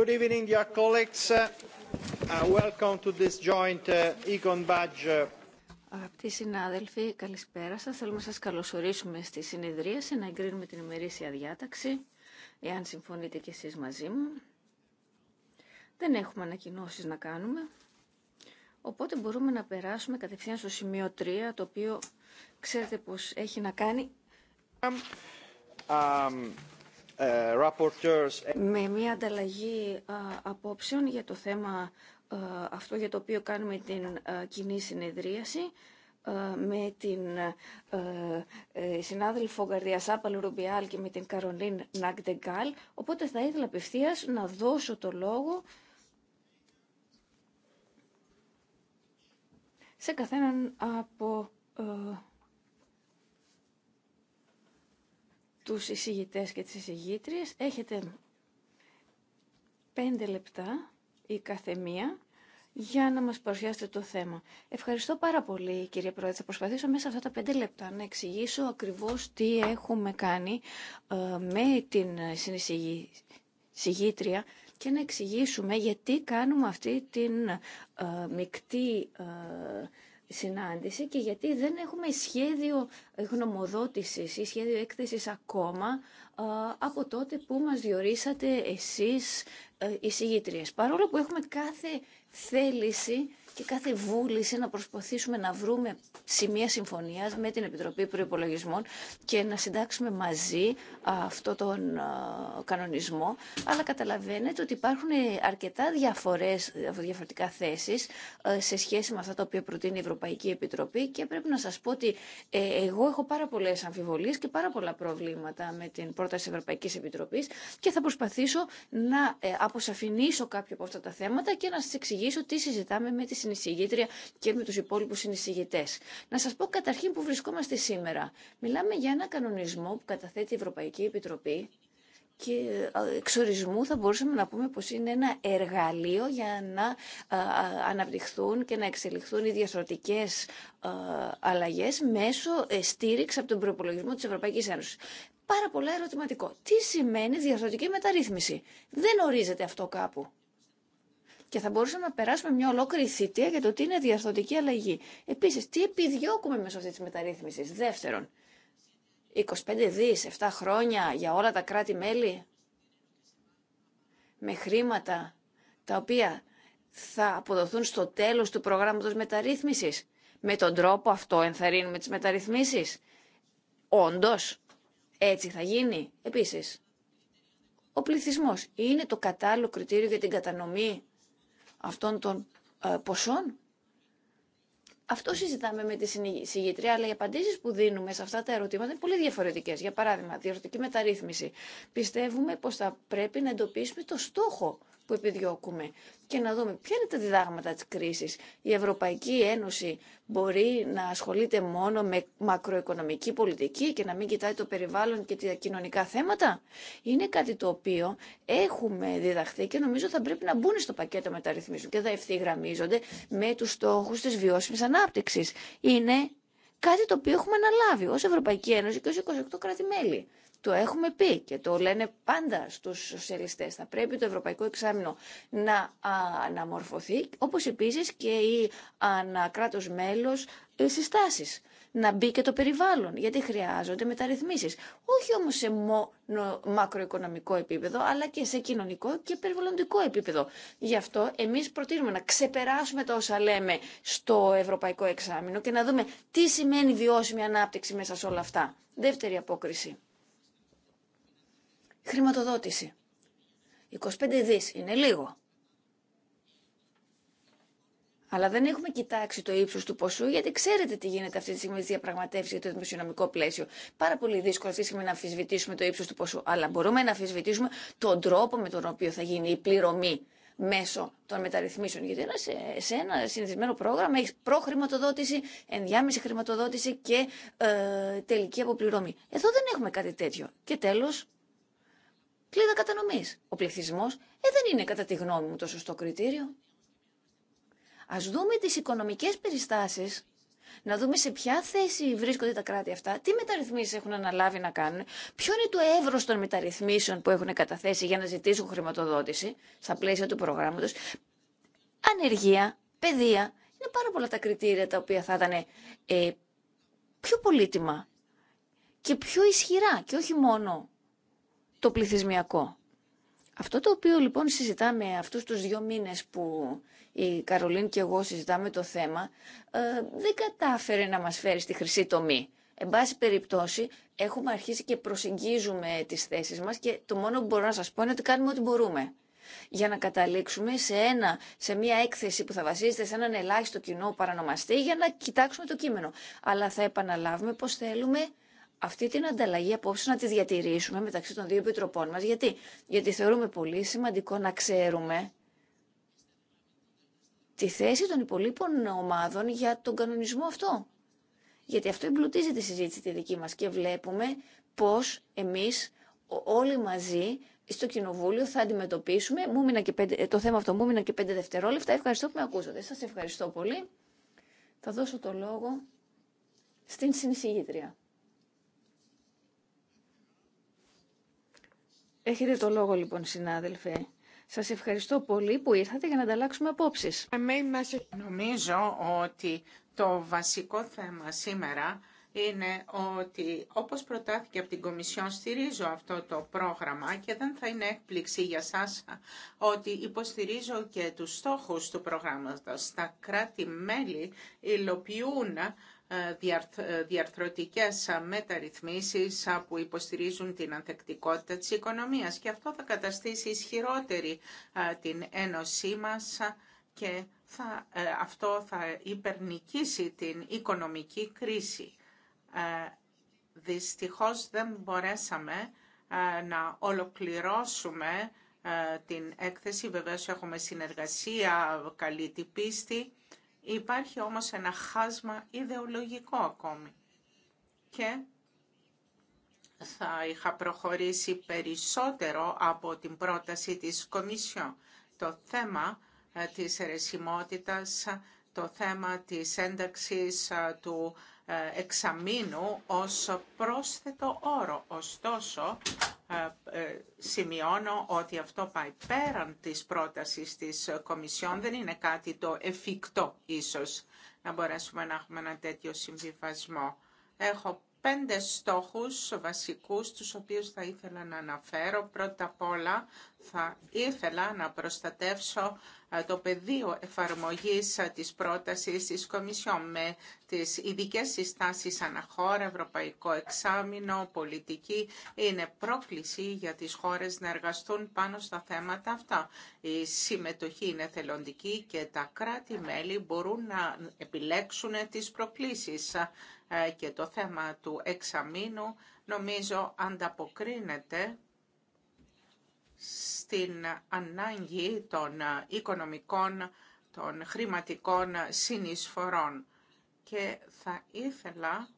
Good evening, dear colleagues. Uh, uh, welcome to this joint uh, Badge. Αγαπητοί συνάδελφοι, καλησπέρα σας. Θέλουμε να σας καλωσορίσουμε στη συνεδρίαση, να εγκρίνουμε την ημερήσια διάταξη, εάν συμφωνείτε κι εσείς μαζί μου. Δεν έχουμε ανακοινώσει να κάνουμε, οπότε μπορούμε να περάσουμε κατευθείαν στο σημείο 3, το οποίο ξέρετε πως έχει να κάνει... Um, um, ε, με μια ανταλλαγή ε, απόψεων για το θέμα ε, αυτό για το οποίο κάνουμε την κοινή συνεδρίαση με την συνάδελφο Γκαρδία Σάπαλ Ρουμπιάλ και με την Καρολίν Νακτεγκάλ. Οπότε θα ήθελα απευθεία να δώσω το λόγο σε καθέναν από τους εισηγητές και τις εισηγήτριες. Έχετε πέντε λεπτά η καθεμία για να μας παρουσιάσετε το θέμα. Ευχαριστώ πάρα πολύ κύριε Πρόεδρε. Θα προσπαθήσω μέσα σε αυτά τα πέντε λεπτά να εξηγήσω ακριβώς τι έχουμε κάνει ε, με την συνεισηγήτρια και να εξηγήσουμε γιατί κάνουμε αυτή την ε, μεικτή ε, συνάντηση και γιατί δεν έχουμε σχέδιο γνωμοδότησης ή σχέδιο έκθεσης ακόμα ε, από τότε που μας διορίσατε εσείς οι ε, συγγήτριες. Παρόλο που έχουμε κάθε θέληση και κάθε βούληση να προσπαθήσουμε να βρούμε σημεία συμφωνίας με την Επιτροπή Προϋπολογισμών και να συντάξουμε μαζί αυτό τον κανονισμό. Αλλά καταλαβαίνετε ότι υπάρχουν αρκετά διαφορές, διαφορετικά θέσεις ε, σε σχέση με αυτά τα οποία προτείνει η Ευρωπαϊκή Επιτροπή και πρέπει να σας πω ότι ε, εγώ έχω πάρα πολλές αμφιβολίες και πάρα πολλά προβλήματα με την πρόταση Ευρωπαϊκής Επιτροπής και θα προσπαθήσω να ε, αποσαφηνίσω κάποια από αυτά τα θέματα και να σας εξηγήσω τι συζητάμε με τη συνεισηγήτρια και με τους υπόλοιπους συνεισηγητές. Να σας πω καταρχήν που βρισκόμαστε σήμερα. Μιλάμε για ένα κανονισμό που καταθέτει η Ευρωπαϊκή Επιτροπή και ε, εξορισμού θα μπορούσαμε να πούμε πως είναι ένα εργαλείο για να ε, αναπτυχθούν και να εξελιχθούν οι διαστροτικές ε, αλλαγές μέσω στήριξη από τον προπολογισμό της Ευρωπαϊκής Ένωσης. Πάρα πολλά ερωτηματικό. Τι σημαίνει διαστροτική μεταρρύθμιση. Δεν ορίζεται αυτό κάπου και θα μπορούσαμε να περάσουμε μια ολόκληρη θητεία για το τι είναι διαρθωτική αλλαγή. Επίση, τι επιδιώκουμε μέσω αυτή τη μεταρρύθμιση. Δεύτερον, 25 δι 7 χρόνια για όλα τα κράτη-μέλη με χρήματα τα οποία θα αποδοθούν στο τέλος του προγράμματος μεταρρύθμισης. Με τον τρόπο αυτό ενθαρρύνουμε τις μεταρρυθμίσεις. Όντως, έτσι θα γίνει. Επίσης, ο πληθυσμός είναι το κατάλληλο κριτήριο για την κατανομή αυτών των ε, ποσών. Αυτό συζητάμε με τη συγγετρία αλλά οι απαντήσει που δίνουμε σε αυτά τα ερωτήματα είναι πολύ διαφορετικέ. Για παράδειγμα, διορθωτική μεταρρύθμιση. Πιστεύουμε πω θα πρέπει να εντοπίσουμε το στόχο που επιδιώκουμε και να δούμε ποια είναι τα διδάγματα της κρίσης. Η Ευρωπαϊκή Ένωση μπορεί να ασχολείται μόνο με μακροοικονομική πολιτική και να μην κοιτάει το περιβάλλον και τα κοινωνικά θέματα. Είναι κάτι το οποίο έχουμε διδαχθεί και νομίζω θα πρέπει να μπουν στο πακέτο μεταρρυθμίσεων και θα ευθυγραμμίζονται με τους στόχους της βιώσιμης ανάπτυξης. Είναι κάτι το οποίο έχουμε αναλάβει ως Ευρωπαϊκή Ένωση και ως 28 κράτη-μέλη. Το έχουμε πει και το λένε πάντα στους σοσιαλιστές. Θα πρέπει το Ευρωπαϊκό Εξάμεινο να αναμορφωθεί, όπως επίσης και η ανακράτος μέλος συστάσεις. Να μπει και το περιβάλλον, γιατί χρειάζονται μεταρρυθμίσεις. Όχι όμως σε μόνο μακροοικονομικό επίπεδο, αλλά και σε κοινωνικό και περιβαλλοντικό επίπεδο. Γι' αυτό εμείς προτείνουμε να ξεπεράσουμε τα όσα λέμε στο Ευρωπαϊκό Εξάμεινο και να δούμε τι σημαίνει βιώσιμη ανάπτυξη μέσα σε όλα αυτά. Δεύτερη απόκριση. Χρηματοδότηση. 25 δις είναι λίγο. Αλλά δεν έχουμε κοιτάξει το ύψο του ποσού, γιατί ξέρετε τι γίνεται αυτή τη στιγμή στι διαπραγματεύσει για το δημοσιονομικό πλαίσιο. Πάρα πολύ δύσκολο αυτή τη στιγμή να αμφισβητήσουμε το ύψο του ποσού, αλλά μπορούμε να αμφισβητήσουμε τον τρόπο με τον οποίο θα γίνει η πληρωμή μέσω των μεταρρυθμίσεων. Γιατί ένα, σε ένα συνηθισμένο πρόγραμμα έχει προχρηματοδότηση, ενδιάμεση χρηματοδότηση και ε, τελική αποπληρωμή. Εδώ δεν έχουμε κάτι τέτοιο. Και τέλος, κλίδα κατανομή. Ο πληθυσμό ε, δεν είναι κατά τη γνώμη μου το σωστό κριτήριο. Α δούμε τι οικονομικέ περιστάσει να δούμε σε ποια θέση βρίσκονται τα κράτη αυτά, τι μεταρρυθμίσεις έχουν αναλάβει να κάνουν, ποιο είναι το εύρο των μεταρρυθμίσεων που έχουν καταθέσει για να ζητήσουν χρηματοδότηση στα πλαίσια του προγράμματο. ανεργία, παιδεία, είναι πάρα πολλά τα κριτήρια τα οποία θα ήταν ε, πιο πολύτιμα και πιο ισχυρά και όχι μόνο το πληθυσμιακό. Αυτό το οποίο λοιπόν συζητάμε αυτούς τους δύο μήνες που η Καρολίν και εγώ συζητάμε το θέμα, ε, δεν κατάφερε να μας φέρει στη χρυσή τομή. Εν πάση περιπτώσει, έχουμε αρχίσει και προσεγγίζουμε τις θέσεις μας και το μόνο που μπορώ να σας πω είναι ότι κάνουμε ό,τι μπορούμε για να καταλήξουμε σε, ένα, σε μια έκθεση που θα βασίζεται σε έναν ελάχιστο κοινό παρανομαστή για να κοιτάξουμε το κείμενο. Αλλά θα επαναλάβουμε πως θέλουμε αυτή την ανταλλαγή απόψε να τη διατηρήσουμε μεταξύ των δύο επιτροπών μας. Γιατί, Γιατί θεωρούμε πολύ σημαντικό να ξέρουμε τη θέση των υπολείπων ομάδων για τον κανονισμό αυτό. Γιατί αυτό εμπλουτίζει τη συζήτηση τη δική μας και βλέπουμε πώς εμείς όλοι μαζί στο Κοινοβούλιο θα αντιμετωπίσουμε μου και πέντε, το θέμα αυτό. Μου μείνα και πέντε δευτερόλεπτα. Ευχαριστώ που με ακούσατε. Σας ευχαριστώ πολύ. Θα δώσω το λόγο στην συνεισηγήτρια. Έχετε το λόγο λοιπόν συνάδελφε. Σας ευχαριστώ πολύ που ήρθατε για να ανταλλάξουμε απόψεις. Νομίζω ότι το βασικό θέμα σήμερα είναι ότι όπως προτάθηκε από την Κομισιόν στηρίζω αυτό το πρόγραμμα και δεν θα είναι έκπληξη για σας ότι υποστηρίζω και τους στόχους του προγράμματος. Τα κράτη-μέλη υλοποιούν ε, ε, διαρθρωτικές ε, μεταρρυθμίσεις που υποστηρίζουν την ανθεκτικότητα της οικονομίας και αυτό θα καταστήσει ισχυρότερη την ένωσή μας και θα, αυτό θα υπερνικήσει την οικονομική κρίση. Δυστυχώς δεν μπορέσαμε να ολοκληρώσουμε την έκθεση. Βεβαίως έχουμε συνεργασία, καλή την πίστη Υπάρχει όμως ένα χάσμα ιδεολογικό ακόμη και θα είχα προχωρήσει περισσότερο από την πρόταση της Κομισιό. Το θέμα ε, της ερεσιμότητας το θέμα της ένταξης ε, του ε, εξαμήνου ως πρόσθετο όρο. Ωστόσο, ε, ε, σημειώνω ότι αυτό πάει πέραν της πρότασης της Κομισιόν, δεν είναι κάτι το εφικτό ίσως να μπορέσουμε να έχουμε ένα τέτοιο συμβιβασμό. Έχω πέντε στόχους βασικούς, τους οποίους θα ήθελα να αναφέρω. Πρώτα απ' όλα θα ήθελα να προστατεύσω ε, το πεδίο εφαρμογής ε, της πρότασης της Κομισιόν με τις ειδικέ συστάσεις αναχώρα, ευρωπαϊκό εξάμεινο, πολιτική. Είναι πρόκληση για τις χώρες να εργαστούν πάνω στα θέματα αυτά. Η συμμετοχή είναι θελοντική και τα κράτη-μέλη μπορούν να επιλέξουν τις προκλήσεις ε, και το θέμα του εξαμήνου νομίζω ανταποκρίνεται στην ανάγκη των οικονομικών, των χρηματικών συνεισφορών. Και θα ήθελα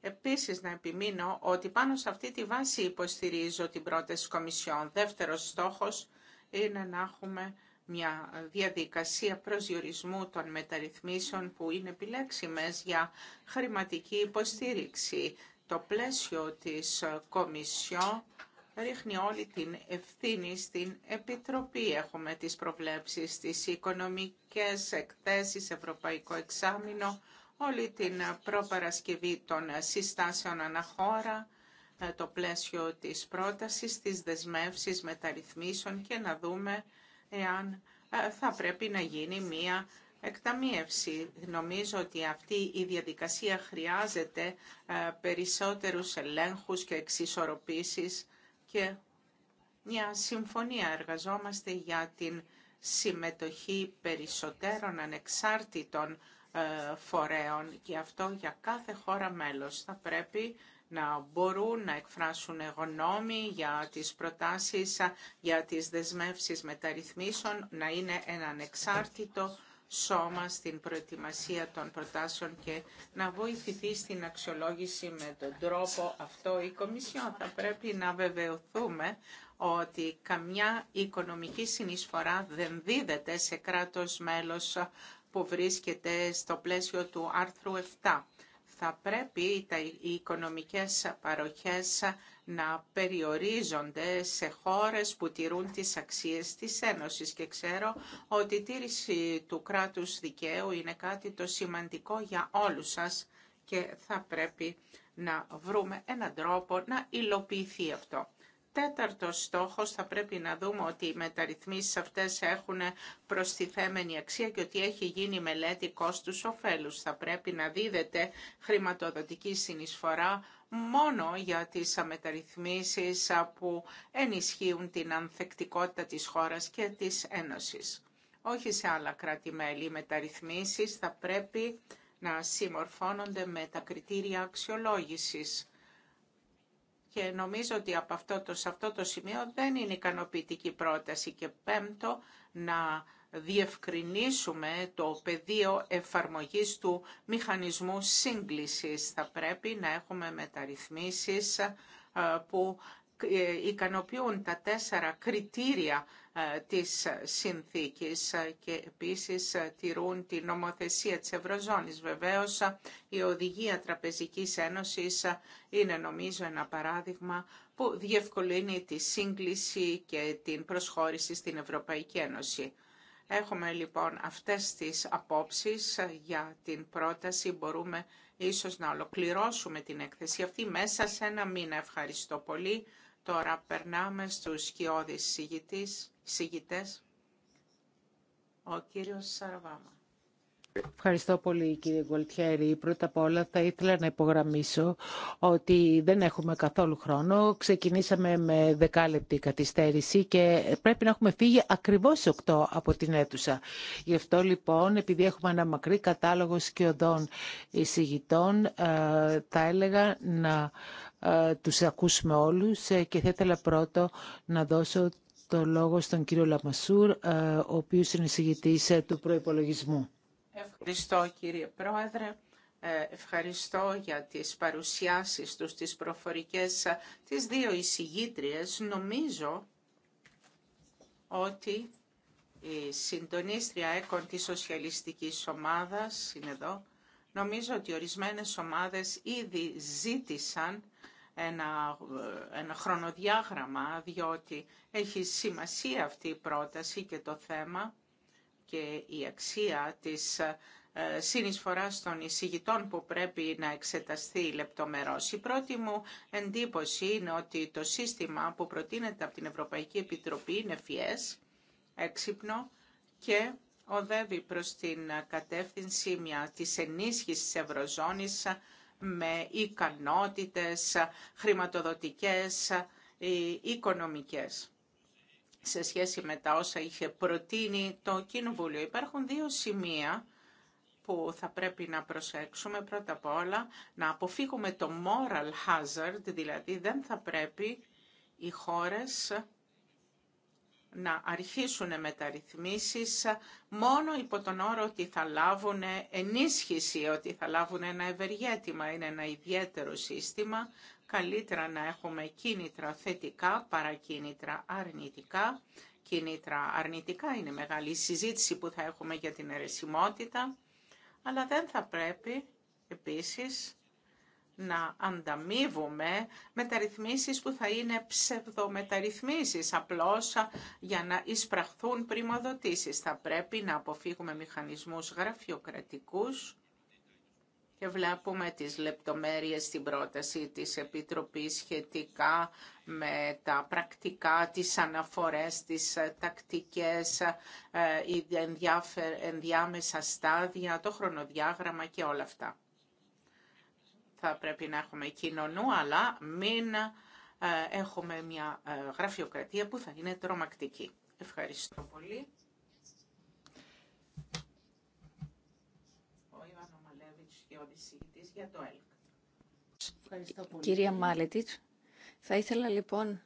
επίσης να επιμείνω ότι πάνω σε αυτή τη βάση υποστηρίζω την πρώτη Κομισιόν. Δεύτερος στόχος είναι να έχουμε μια διαδικασία προσδιορισμού των μεταρρυθμίσεων που είναι επιλέξιμες για χρηματική υποστήριξη. Το πλαίσιο της Κομισιόν ρίχνει όλη την ευθύνη στην Επιτροπή. Έχουμε τις προβλέψεις, στις οικονομικές εκθέσεις, Ευρωπαϊκό Εξάμεινο, όλη την προπαρασκευή των συστάσεων αναχώρα, ε, το πλαίσιο της πρότασης, της δεσμεύσεις μεταρρυθμίσεων και να δούμε εάν ε, θα πρέπει να γίνει μία εκταμίευση. Νομίζω ότι αυτή η διαδικασία χρειάζεται ε, περισσότερους ελέγχους και εξισορροπήσεις και μια συμφωνία εργαζόμαστε για την συμμετοχή περισσότερων ανεξάρτητων ε, φορέων και αυτό για κάθε χώρα μέλος. Θα πρέπει να μπορούν να εκφράσουν γνώμη για τις προτάσεις, για τις δεσμεύσεις μεταρρυθμίσεων, να είναι ένα ανεξάρτητο σώμα στην προετοιμασία των προτάσεων και να βοηθηθεί στην αξιολόγηση με τον τρόπο αυτό η Κομισιόν. Θα πρέπει να βεβαιωθούμε ότι καμιά οικονομική συνεισφορά δεν δίδεται σε κράτος μέλος που βρίσκεται στο πλαίσιο του άρθρου 7 θα πρέπει οι οικονομικές παροχές να περιορίζονται σε χώρες που τηρούν τις αξίες της Ένωσης και ξέρω ότι η τήρηση του κράτους δικαίου είναι κάτι το σημαντικό για όλους σας και θα πρέπει να βρούμε έναν τρόπο να υλοποιηθεί αυτό τέταρτος στόχος θα πρέπει να δούμε ότι οι μεταρρυθμίσεις αυτές έχουν προστιθέμενη αξία και ότι έχει γίνει μελέτη κόστους ωφέλους. Θα πρέπει να δίδεται χρηματοδοτική συνεισφορά μόνο για τις μεταρρυθμίσεις που ενισχύουν την ανθεκτικότητα της χώρας και της Ένωσης. Όχι σε άλλα κράτη-μέλη. Οι μεταρρυθμίσεις θα πρέπει να συμμορφώνονται με τα κριτήρια αξιολόγησης και νομίζω ότι από αυτό το, σε αυτό το σημείο δεν είναι ικανοποιητική πρόταση. Και πέμπτο, να διευκρινίσουμε το πεδίο εφαρμογής του μηχανισμού σύγκλησης. Θα πρέπει να έχουμε μεταρρυθμίσεις ε, που ε, ικανοποιούν τα τέσσερα κριτήρια ε, της συνθήκης ε, και επίσης ε, τηρούν την νομοθεσία της Ευρωζώνης. Βεβαίως η Οδηγία Τραπεζικής Ένωσης είναι νομίζω ένα παράδειγμα που διευκολύνει τη σύγκληση και την προσχώρηση στην Ευρωπαϊκή Ένωση. Έχουμε λοιπόν αυτές τις απόψεις για την πρόταση. Μπορούμε ίσως να ολοκληρώσουμε την έκθεση αυτή μέσα σε ένα μήνα. Ευχαριστώ πολύ. Τώρα περνάμε στους σκιώδεις συγητές. Ο κύριος Σαραβάμα. Ευχαριστώ πολύ κύριε Γκολτιέρη. Πρώτα απ' όλα θα ήθελα να υπογραμμίσω ότι δεν έχουμε καθόλου χρόνο. Ξεκινήσαμε με δεκάλεπτη καθυστέρηση και πρέπει να έχουμε φύγει ακριβώς 8 από την αίθουσα. Γι' αυτό λοιπόν, επειδή έχουμε ένα μακρύ κατάλογο σκιωδών εισηγητών, ε, θα έλεγα να ε, τους ακούσουμε όλους ε, και θα ήθελα πρώτο να δώσω το λόγο στον κύριο Λαμασούρ, ε, ο οποίος είναι εισηγητής του προϋπολογισμού. Ευχαριστώ κύριε Πρόεδρε. Ευχαριστώ για τις παρουσιάσεις τους, τις προφορικές, τις δύο εισηγήτριες. Νομίζω ότι η συντονίστρια έκον της σοσιαλιστικής ομάδας είναι εδώ. Νομίζω ότι ορισμένες ομάδες ήδη ζήτησαν ένα, ένα χρονοδιάγραμμα, διότι έχει σημασία αυτή η πρόταση και το θέμα και η αξία της ε, συνεισφοράς των εισηγητών που πρέπει να εξεταστεί λεπτομερώς. Η πρώτη μου εντύπωση είναι ότι το σύστημα που προτείνεται από την Ευρωπαϊκή Επιτροπή είναι φιές, έξυπνο και οδεύει προς την κατεύθυνση μια, της ενίσχυσης της Ευρωζώνης με ικανότητες χρηματοδοτικές ή ε, οικονομικές σε σχέση με τα όσα είχε προτείνει το Κοινοβούλιο. Υπάρχουν δύο σημεία που θα πρέπει να προσέξουμε πρώτα απ' όλα, να αποφύγουμε το moral hazard, δηλαδή δεν θα πρέπει οι χώρες να αρχίσουν μεταρρυθμίσεις μόνο υπό τον όρο ότι θα λάβουν ενίσχυση, ότι θα λάβουν ένα ευεργέτημα. Είναι ένα ιδιαίτερο σύστημα. Καλύτερα να έχουμε κίνητρα θετικά παρά κίνητρα αρνητικά. Κίνητρα αρνητικά είναι μεγάλη συζήτηση που θα έχουμε για την αιρεσιμότητα, αλλά δεν θα πρέπει επίσης να ανταμείβουμε μεταρρυθμίσεις που θα είναι ψευδομεταρρυθμίσεις, απλώς για να εισπραχθούν πρημοδοτήσεις. Θα πρέπει να αποφύγουμε μηχανισμούς γραφειοκρατικούς και βλέπουμε τις λεπτομέρειες στην πρόταση της Επιτροπής σχετικά με τα πρακτικά, τις αναφορές, τις τακτικές, ε, ενδιάμεσα στάδια, το χρονοδιάγραμμα και όλα αυτά θα πρέπει να έχουμε κοινωνού, αλλά μην ε, έχουμε μια ε, γραφειοκρατία που θα είναι τρομακτική. Ευχαριστώ πολύ. για το Κυρία Μάλετιτς, θα ήθελα λοιπόν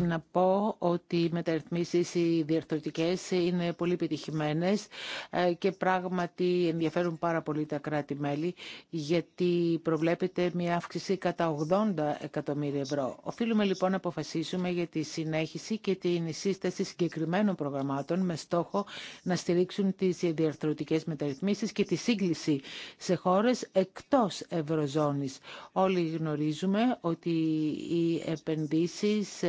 να πω ότι οι μεταρρυθμίσεις οι διαρθρωτικές είναι πολύ επιτυχημένες ε, και πράγματι ενδιαφέρουν πάρα πολύ τα κράτη-μέλη γιατί προβλέπεται μια αύξηση κατά 80 εκατομμύρια ευρώ. Οφείλουμε λοιπόν να αποφασίσουμε για τη συνέχιση και την σύσταση συγκεκριμένων προγραμμάτων με στόχο να στηρίξουν τις διαρθρωτικές μεταρρυθμίσεις και τη σύγκληση σε χώρες εκτός Ευρωζώνης. Όλοι γνωρίζουμε ότι οι επενδύσεις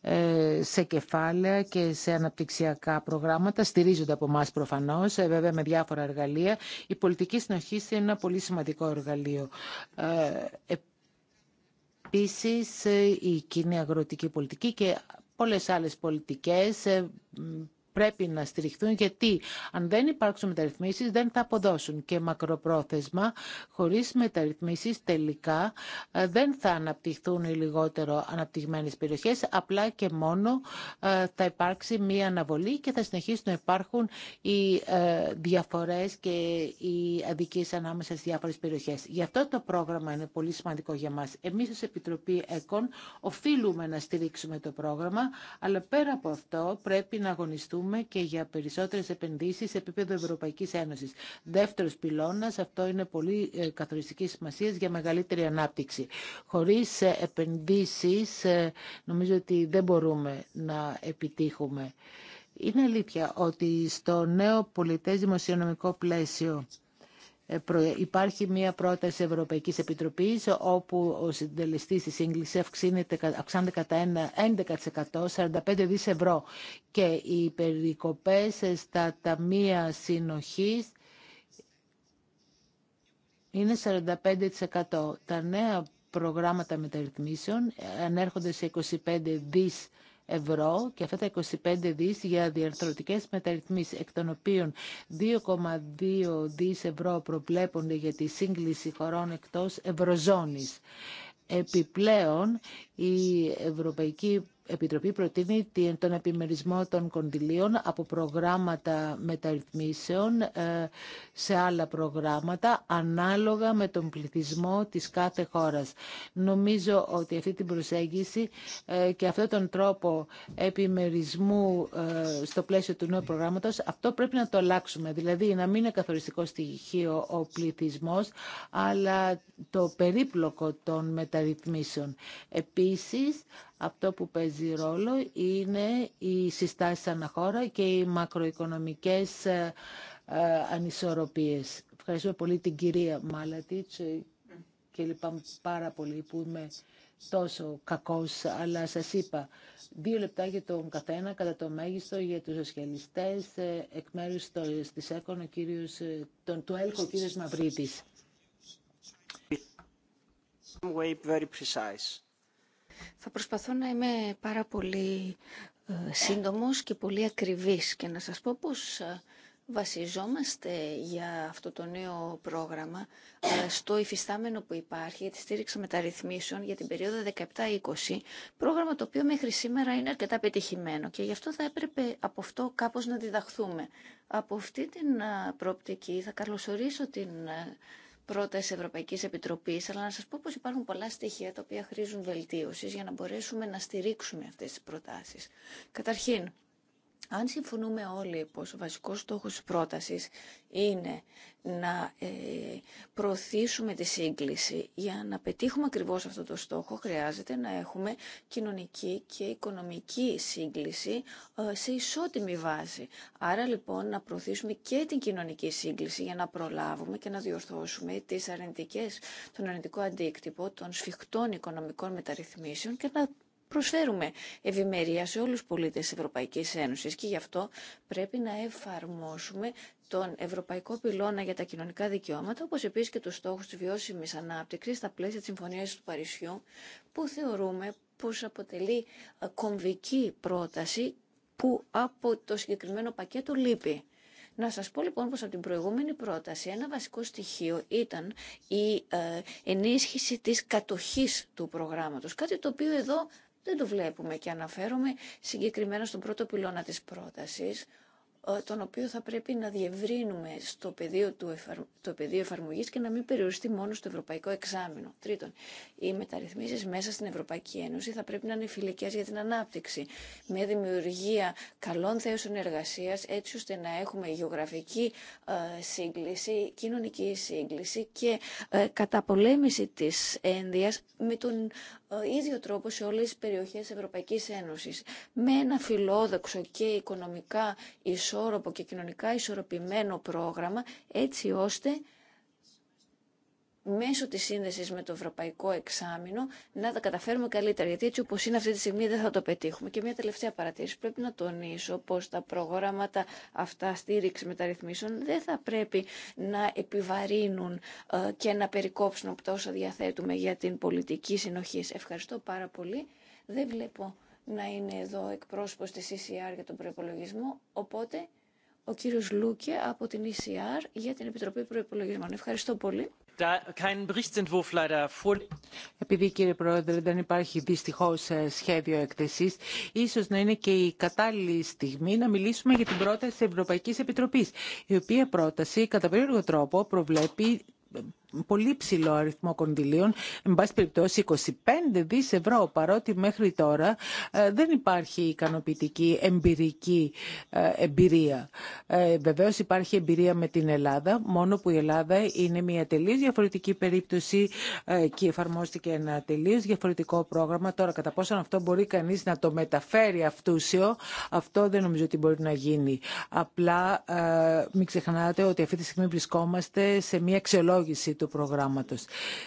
ε, σε κεφάλαια και σε αναπτυξιακά προγράμματα. Στηρίζονται από εμά προφανώ, ε, βέβαια με διάφορα εργαλεία. Η πολιτική συνοχή είναι ένα πολύ σημαντικό εργαλείο. Ε, Επίση, η κοινή αγροτική πολιτική και πολλέ άλλες πολιτικές πρέπει να στηριχθούν γιατί αν δεν υπάρξουν μεταρρυθμίσεις δεν θα αποδώσουν και μακροπρόθεσμα χωρίς μεταρρυθμίσεις τελικά ε, δεν θα αναπτυχθούν οι λιγότερο αναπτυγμένες περιοχές απλά και μόνο ε, θα υπάρξει μία αναβολή και θα συνεχίσουν να υπάρχουν οι ε, διαφορές και οι αδικίες ανάμεσα στις διάφορες περιοχές. Γι' αυτό το πρόγραμμα είναι πολύ σημαντικό για μας. Εμείς ως Επιτροπή ΕΚΟΝ οφείλουμε να στηρίξουμε το πρόγραμμα αλλά πέρα από αυτό πρέπει να αγωνιστούμε και για περισσότερες επενδύσεις σε επίπεδο Ευρωπαϊκής Ένωσης. Δεύτερος πυλώνας, αυτό είναι πολύ ε, καθοριστική σημασία για μεγαλύτερη ανάπτυξη. Χωρίς ε, επενδύσεις ε, νομίζω ότι δεν μπορούμε να επιτύχουμε. Είναι αλήθεια ότι στο νέο πολιτές δημοσιονομικό πλαίσιο ε, υπάρχει μια πρόταση Ευρωπαϊκής Επιτροπής όπου ο συντελεστής της σύγκλησης αυξάνεται κατά 11%, 45 δις ευρώ και οι περικοπές στα ταμεία συνοχής είναι 45%. Τα νέα προγράμματα μεταρρυθμίσεων ανέρχονται σε 25 δις ευρώ ευρώ και αυτά τα 25 δις για διαρθρωτικές μεταρρυθμίσεις, εκ των οποίων 2,2 δις ευρώ προβλέπονται για τη σύγκληση χωρών εκτός ευρωζώνης. Επιπλέον, η Ευρωπαϊκή Επιτροπή προτείνει τον επιμερισμό των κονδυλίων από προγράμματα μεταρρυθμίσεων ε, σε άλλα προγράμματα ανάλογα με τον πληθυσμό της κάθε χώρας. Νομίζω ότι αυτή την προσέγγιση ε, και αυτόν τον τρόπο επιμερισμού ε, στο πλαίσιο του νέου προγράμματος, αυτό πρέπει να το αλλάξουμε. Δηλαδή να μην είναι καθοριστικό στοιχείο ο πληθυσμός, αλλά το περίπλοκο των μεταρρυθμίσεων. Επίσης, αυτό που παίζει ρόλο είναι οι συστάσεις αναχώρα και οι μακροοικονομικές ε, ε, ανισορροπίες. Ευχαριστούμε πολύ την κυρία Μάλατιτς ε, και λυπάμαι πάρα πολύ που είμαι τόσο κακός, αλλά σας είπα δύο λεπτά για τον καθένα, κατά το μέγιστο για τους ασχελιστές. εκ μέρους της ΕΚΟΝ, του ΕΛΚΟ, ο κύριος Μαυρίτης. Θα προσπαθώ να είμαι πάρα πολύ ε, σύντομος και πολύ ακριβής και να σας πω πως ε, βασιζόμαστε για αυτό το νέο πρόγραμμα ε, στο υφιστάμενο που υπάρχει για τη στήριξη μεταρρυθμίσεων για την περίοδο 17-20, πρόγραμμα το οποίο μέχρι σήμερα είναι αρκετά πετυχημένο και γι' αυτό θα έπρεπε από αυτό κάπως να διδαχθούμε. Από αυτή την πρόπτικη θα καλωσορίσω την πρώτα Ευρωπαϊκή Επιτροπής, αλλά να σα πω πω υπάρχουν πολλά στοιχεία τα οποία χρήζουν βελτίωση για να μπορέσουμε να στηρίξουμε αυτέ τι προτάσει. Καταρχήν, αν συμφωνούμε όλοι πως ο βασικός στόχος της πρότασης είναι να ε, προωθήσουμε τη σύγκληση, για να πετύχουμε ακριβώς αυτό το στόχο χρειάζεται να έχουμε κοινωνική και οικονομική σύγκληση ε, σε ισότιμη βάση. Άρα λοιπόν να προωθήσουμε και την κοινωνική σύγκληση για να προλάβουμε και να διορθώσουμε τις αρνητικές, τον αρνητικό αντίκτυπο των σφιχτών οικονομικών μεταρρυθμίσεων και να προσφέρουμε ευημερία σε όλους τους πολίτες της Ευρωπαϊκής Ένωσης και γι' αυτό πρέπει να εφαρμόσουμε τον Ευρωπαϊκό Πυλώνα για τα Κοινωνικά Δικαιώματα, όπως επίσης και τους στόχους της βιώσιμης ανάπτυξης στα πλαίσια της Συμφωνίας του Παρισιού, που θεωρούμε πως αποτελεί ε, κομβική πρόταση που από το συγκεκριμένο πακέτο λείπει. Να σας πω λοιπόν πως από την προηγούμενη πρόταση ένα βασικό στοιχείο ήταν η ε, ενίσχυση της κατοχής του προγράμματος, κάτι το οποίο εδώ δεν το βλέπουμε και αναφέρομαι συγκεκριμένα στον πρώτο πυλώνα της πρότασης, ε, τον οποίο θα πρέπει να διευρύνουμε στο πεδίο, του το πεδίο εφαρμογής και να μην περιοριστεί μόνο στο ευρωπαϊκό εξάμεινο. Τρίτον, οι μεταρρυθμίσεις μέσα στην Ευρωπαϊκή Ένωση θα πρέπει να είναι φιλικές για την ανάπτυξη, με δημιουργία καλών θέσεων εργασίας, έτσι ώστε να έχουμε γεωγραφική ε, σύγκληση, κοινωνική σύγκληση και ε, καταπολέμηση της ένδυας με τον ίδιο τρόπο σε όλες τις περιοχές Ευρωπαϊκής Ένωσης. Με ένα φιλόδοξο και οικονομικά ισόρροπο και κοινωνικά ισορροπημένο πρόγραμμα έτσι ώστε μέσω της σύνδεσης με το ευρωπαϊκό εξάμεινο να τα καταφέρουμε καλύτερα. Γιατί έτσι όπως είναι αυτή τη στιγμή δεν θα το πετύχουμε. Και μια τελευταία παρατήρηση. Πρέπει να τονίσω πως τα προγράμματα αυτά στήριξη μεταρρυθμίσεων δεν θα πρέπει να επιβαρύνουν ε, και να περικόψουν από τα όσα διαθέτουμε για την πολιτική συνοχή. Ευχαριστώ πάρα πολύ. Δεν βλέπω να είναι εδώ εκπρόσωπος της ECR για τον προπολογισμό, οπότε ο κύριος Λούκε από την ECR για την Επιτροπή Προϋπολογισμών. Ευχαριστώ πολύ. Επειδή κύριε Πρόεδρε δεν υπάρχει δυστυχώς ε, σχέδιο εκθεσής, ίσως να είναι και η κατάλληλη στιγμή να μιλήσουμε για την πρόταση της Ευρωπαϊκής Επιτροπής, η οποία πρόταση κατά περίεργο τρόπο προβλέπει πολύ ψηλό αριθμό κονδυλίων, εν πάση περιπτώσει 25 δις ευρώ, παρότι μέχρι τώρα ε, δεν υπάρχει ικανοποιητική εμπειρική ε, εμπειρία. Ε, βεβαίως υπάρχει εμπειρία με την Ελλάδα, μόνο που η Ελλάδα είναι μια τελείως διαφορετική περίπτωση και εφαρμόστηκε ένα τελείως διαφορετικό πρόγραμμα. Τώρα, κατά πόσο αυτό μπορεί κανείς να το μεταφέρει αυτούσιο, αυτό δεν νομίζω ότι μπορεί να γίνει. Απλά μην ξεχνάτε ότι αυτή τη στιγμή βρισκόμαστε σε μια αξιολόγηση του προγράμματος.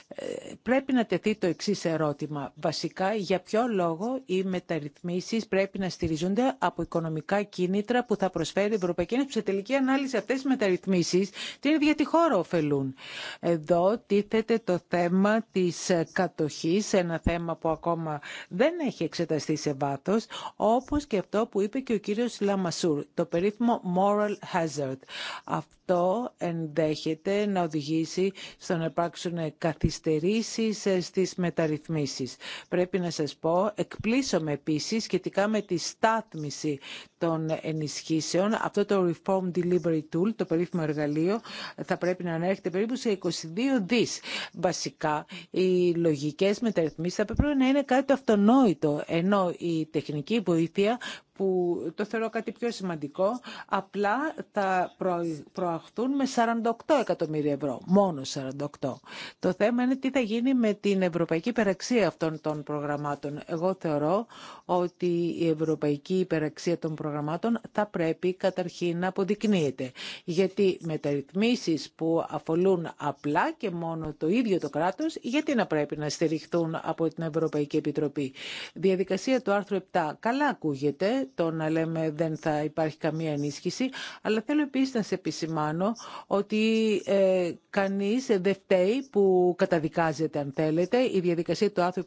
Ε, πρέπει να τεθεί το εξής ερώτημα. Βασικά, για ποιο λόγο οι μεταρρυθμίσεις πρέπει να στηριζούνται από οικονομικά κίνητρα που θα προσφέρει η Ευρωπαϊκή Ένωση, που σε τελική ανάλυση αυτές οι μεταρρυθμίσεις την ίδια τη χώρα ωφελούν. Εδώ τίθεται το θέμα της κατοχής, ένα θέμα που ακόμα δεν έχει εξεταστεί σε βάθος, όπως και αυτό που είπε και ο κύριος Λαμασούρ, το περίφημο moral hazard. Αυτό ενδέχεται να οδηγήσει στο να υπάρξουν καθυστερήσεις ε, στις μεταρρυθμίσεις. Πρέπει να σας πω, εκπλήσωμαι επίσης σχετικά με τη στάθμιση των ενισχύσεων. Αυτό το Reform Delivery Tool, το περίφημο εργαλείο, θα πρέπει να ανέρχεται περίπου σε 22 δι. Βασικά, οι λογικές μεταρρυθμίσεις θα πρέπει να είναι κάτι αυτονόητο, ενώ η τεχνική βοήθεια που το θεωρώ κάτι πιο σημαντικό, απλά θα προαχθούν με 48 εκατομμύρια ευρώ, μόνο 48. Το θέμα είναι τι θα γίνει με την ευρωπαϊκή υπεραξία αυτών των προγραμμάτων. Εγώ θεωρώ ότι η ευρωπαϊκή υπεραξία των προγραμμάτων προγραμμάτων θα πρέπει καταρχήν να αποδεικνύεται. Γιατί μεταρρυθμίσεις που αφορούν απλά και μόνο το ίδιο το κράτος, γιατί να πρέπει να στηριχθούν από την Ευρωπαϊκή Επιτροπή. Διαδικασία του άρθρου 7. Καλά ακούγεται το να λέμε δεν θα υπάρχει καμία ενίσχυση, αλλά θέλω επίσης να σε επισημάνω ότι ε, κανείς δεν φταίει που καταδικάζεται αν θέλετε. Η διαδικασία του άρθρου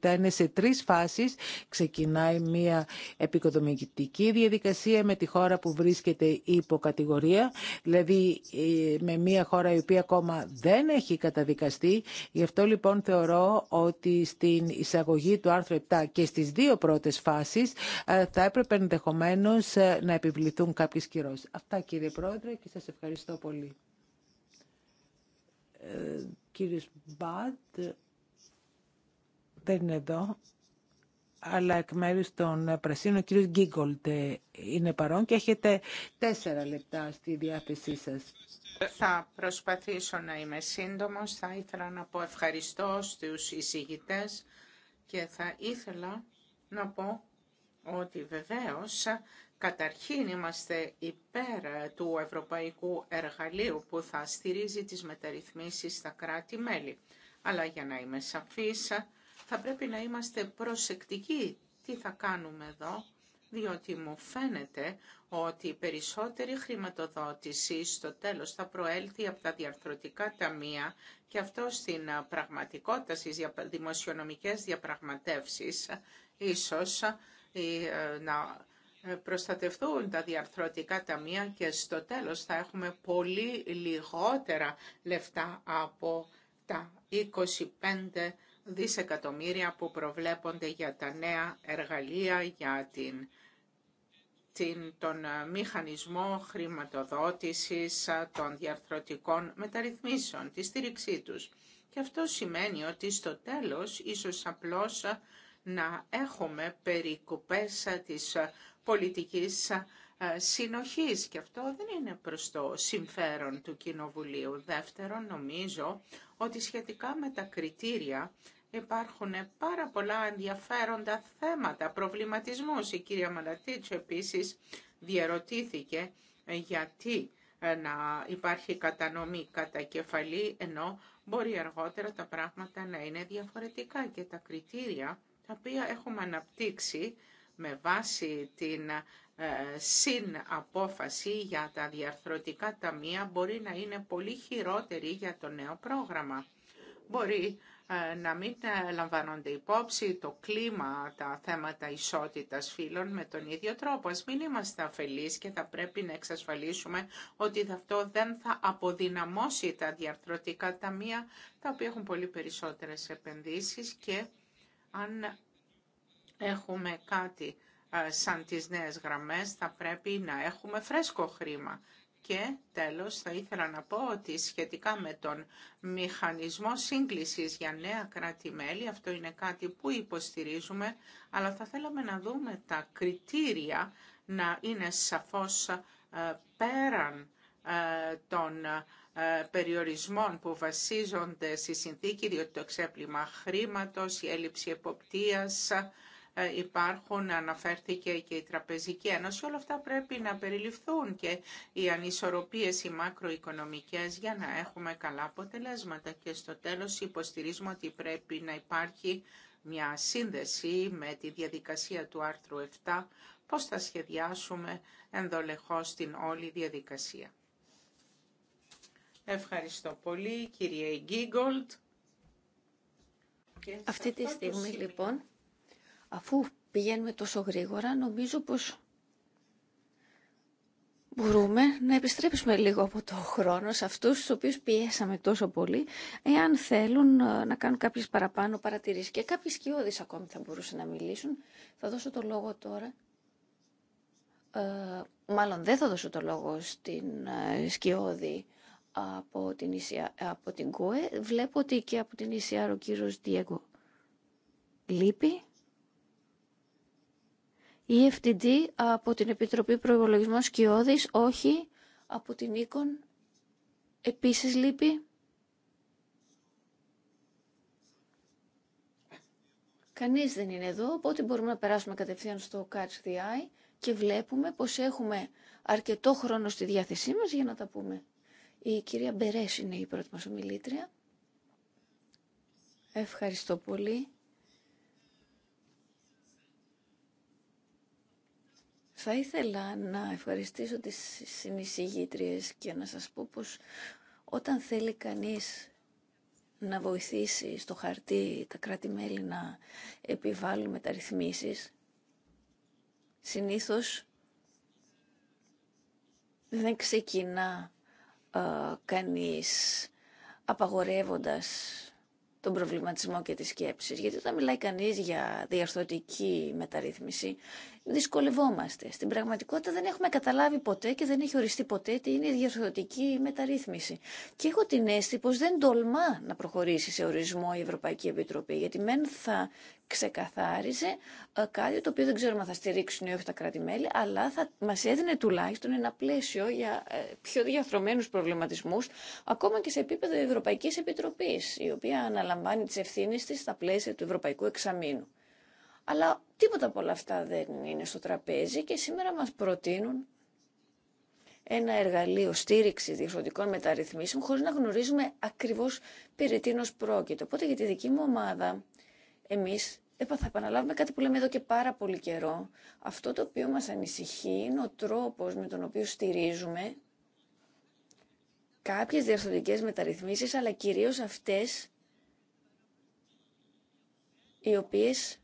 7 είναι σε τρεις φάσεις. Ξεκινάει μια επικοδομητική διαδικασία, διαδικασία με τη χώρα που βρίσκεται η υποκατηγορία, δηλαδή ε, με μια χώρα η οποία ακόμα δεν έχει καταδικαστεί. Γι' αυτό λοιπόν θεωρώ ότι στην εισαγωγή του άρθρου 7 και στις δύο πρώτες φάσεις ε, θα έπρεπε ενδεχομένω ε, να επιβληθούν κάποιες κυρώσεις. Αυτά κύριε Πρόεδρε και σας ευχαριστώ πολύ. Κύριε κύριος Μπάτ, δεν είναι εδώ αλλά εκ μέρους των Πρασίνων ο κύριος Γκίγκολτ ε, είναι παρόν και έχετε τέσσερα λεπτά στη διάθεσή σας. Θα προσπαθήσω να είμαι σύντομος. Θα ήθελα να πω ευχαριστώ στους εισηγητές και θα ήθελα να πω ότι βεβαίως καταρχήν είμαστε υπέρ του Ευρωπαϊκού Εργαλείου που θα στηρίζει τις μεταρρυθμίσεις στα κράτη-μέλη. Αλλά για να είμαι σαφής, θα πρέπει να είμαστε προσεκτικοί τι θα κάνουμε εδώ, διότι μου φαίνεται ότι η περισσότερη χρηματοδότηση στο τέλος θα προέλθει από τα διαρθρωτικά ταμεία και αυτό στην πραγματικότητα στις δημοσιονομικές διαπραγματεύσεις ίσως ε, να προστατευτούν τα διαρθρωτικά ταμεία και στο τέλος θα έχουμε πολύ λιγότερα λεφτά από τα 25 δισεκατομμύρια που προβλέπονται για τα νέα εργαλεία, για την, την, τον ε, μηχανισμό χρηματοδότησης ε, των διαρθρωτικών μεταρρυθμίσεων, τη στήριξή τους. Και αυτό σημαίνει ότι στο τέλος, ίσως απλώς, ε, να έχουμε περικοπές της πολιτικής συνοχής και αυτό δεν είναι προς το συμφέρον του Κοινοβουλίου. Δεύτερον, νομίζω ότι σχετικά με τα κριτήρια υπάρχουν πάρα πολλά ενδιαφέροντα θέματα, προβληματισμούς. Η κυρία Μαλατίτσο επίσης διαρωτήθηκε γιατί ε, να υπάρχει κατανομή κατά κεφαλή, ενώ μπορεί αργότερα τα πράγματα να είναι διαφορετικά και τα κριτήρια τα οποία έχουμε αναπτύξει με βάση την ε, συν απόφαση για τα διαρθρωτικά ταμεία μπορεί να είναι πολύ χειρότερη για το νέο πρόγραμμα. Μπορεί ε, να μην ε, λαμβάνονται υπόψη το κλίμα, τα θέματα ισότητας φύλων με τον ίδιο τρόπο. Ας μην είμαστε αφελείς και θα πρέπει να εξασφαλίσουμε ότι αυτό δεν θα αποδυναμώσει τα διαρθρωτικά ταμεία, τα οποία έχουν πολύ περισσότερες επενδύσεις και αν έχουμε κάτι ε, σαν τις νέες γραμμές θα πρέπει να έχουμε φρέσκο χρήμα. Και τέλος θα ήθελα να πω ότι σχετικά με τον μηχανισμό σύγκλησης για νέα κράτη-μέλη, αυτό είναι κάτι που υποστηρίζουμε, αλλά θα θέλαμε να δούμε τα κριτήρια να είναι σαφώς ε, πέραν ε, των περιορισμών που βασίζονται στη συνθήκη, διότι το ξέπλυμα χρήματος, η έλλειψη εποπτείας, ε, υπάρχουν, αναφέρθηκε και η Τραπεζική Ένωση, όλα αυτά πρέπει να περιληφθούν και οι ανισορροπίες οι μακροοικονομικές για να έχουμε καλά αποτελέσματα. Και στο τέλος υποστηρίζουμε ότι πρέπει να υπάρχει μια σύνδεση με τη διαδικασία του άρθρου 7, πώς θα σχεδιάσουμε ενδολεχώς την όλη διαδικασία. Ευχαριστώ πολύ, κύριε Γκίγκολτ. Αυτή τη στιγμή, λοιπόν, αφού πηγαίνουμε τόσο γρήγορα, νομίζω πως μπορούμε να επιστρέψουμε λίγο από το χρόνο σε αυτούς τους οποίους πιέσαμε τόσο πολύ, εάν θέλουν ε, να κάνουν κάποιες παραπάνω παρατηρήσεις. Και κάποιοι σκιώδεις ακόμη θα μπορούσαν να μιλήσουν. Θα δώσω το λόγο τώρα. Ε, μάλλον δεν θα δώσω το λόγο στην ε, σκιώδη από την, από την ΚΟΕ. Βλέπω ότι και από την ΙΣΙΑΡ ο κύριος Διέγκο λείπει. Η FTD από την Επιτροπή Προϋπολογισμών Σκιώδης, όχι. Από την Econ επίσης λείπει. Κανείς δεν είναι εδώ, οπότε μπορούμε να περάσουμε κατευθείαν στο Catch the Eye και βλέπουμε πως έχουμε αρκετό χρόνο στη διάθεσή μας για να τα πούμε. Η κυρία Μπερές είναι η πρώτη μας ομιλήτρια. Ευχαριστώ πολύ. Θα ήθελα να ευχαριστήσω τις συνεισηγήτριες και να σας πω πως όταν θέλει κανείς να βοηθήσει στο χαρτί τα κράτη-μέλη να επιβάλλουν μεταρρυθμίσεις, συνήθως δεν ξεκινά κανεί κανείς απαγορεύοντας τον προβληματισμό και τις σκέψεις. Γιατί όταν μιλάει κανείς για διαρθρωτική μεταρρύθμιση, δυσκολευόμαστε. Στην πραγματικότητα δεν έχουμε καταλάβει ποτέ και δεν έχει οριστεί ποτέ τι είναι η διαρθωτική μεταρρύθμιση. Και έχω την αίσθηση πως δεν τολμά να προχωρήσει σε ορισμό η Ευρωπαϊκή Επιτροπή, γιατί μεν θα ξεκαθάριζε ε, κάτι το οποίο δεν ξέρουμε αν θα στηρίξουν ή όχι τα κράτη-μέλη, αλλά θα μα έδινε τουλάχιστον ένα πλαίσιο για ε, πιο διαθρωμένου προβληματισμού, ακόμα και σε επίπεδο Ευρωπαϊκή Επιτροπή, η οποία αναλαμβάνει τι ευθύνε τη στα πλαίσια του Ευρωπαϊκού Εξαμήνου. Αλλά τίποτα από όλα αυτά δεν είναι στο τραπέζι και σήμερα μας προτείνουν ένα εργαλείο στήριξη διευθυντικών μεταρρυθμίσεων χωρίς να γνωρίζουμε ακριβώς περί πρόκειται. Οπότε για τη δική μου ομάδα εμείς Είπα, θα επαναλάβουμε κάτι που λέμε εδώ και πάρα πολύ καιρό. Αυτό το οποίο μας ανησυχεί είναι ο τρόπος με τον οποίο στηρίζουμε κάποιες διαρθρωτικές μεταρρυθμίσεις, αλλά κυρίως αυτές οι οποίες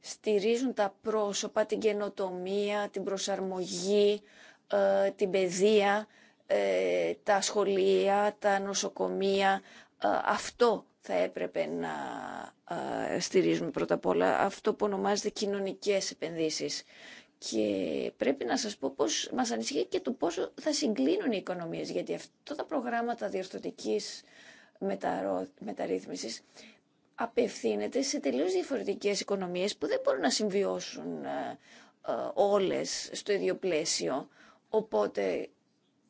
στηρίζουν τα πρόσωπα, την καινοτομία, την προσαρμογή, ε, την παιδεία, ε, τα σχολεία, τα νοσοκομεία. Ε, αυτό θα έπρεπε να στηρίζουμε πρώτα απ' όλα αυτό που ονομάζεται κοινωνικές επενδύσεις. Και πρέπει να σας πω πως μας ανησυχεί και το πόσο θα συγκλίνουν οι οικονομίες, γιατί αυτά τα προγράμματα διορθωτικής μεταρρύθμισης απευθύνεται σε τελείως διαφορετικές οικονομίες που δεν μπορούν να συμβιώσουν ε, ε, όλες στο ίδιο πλαίσιο. Οπότε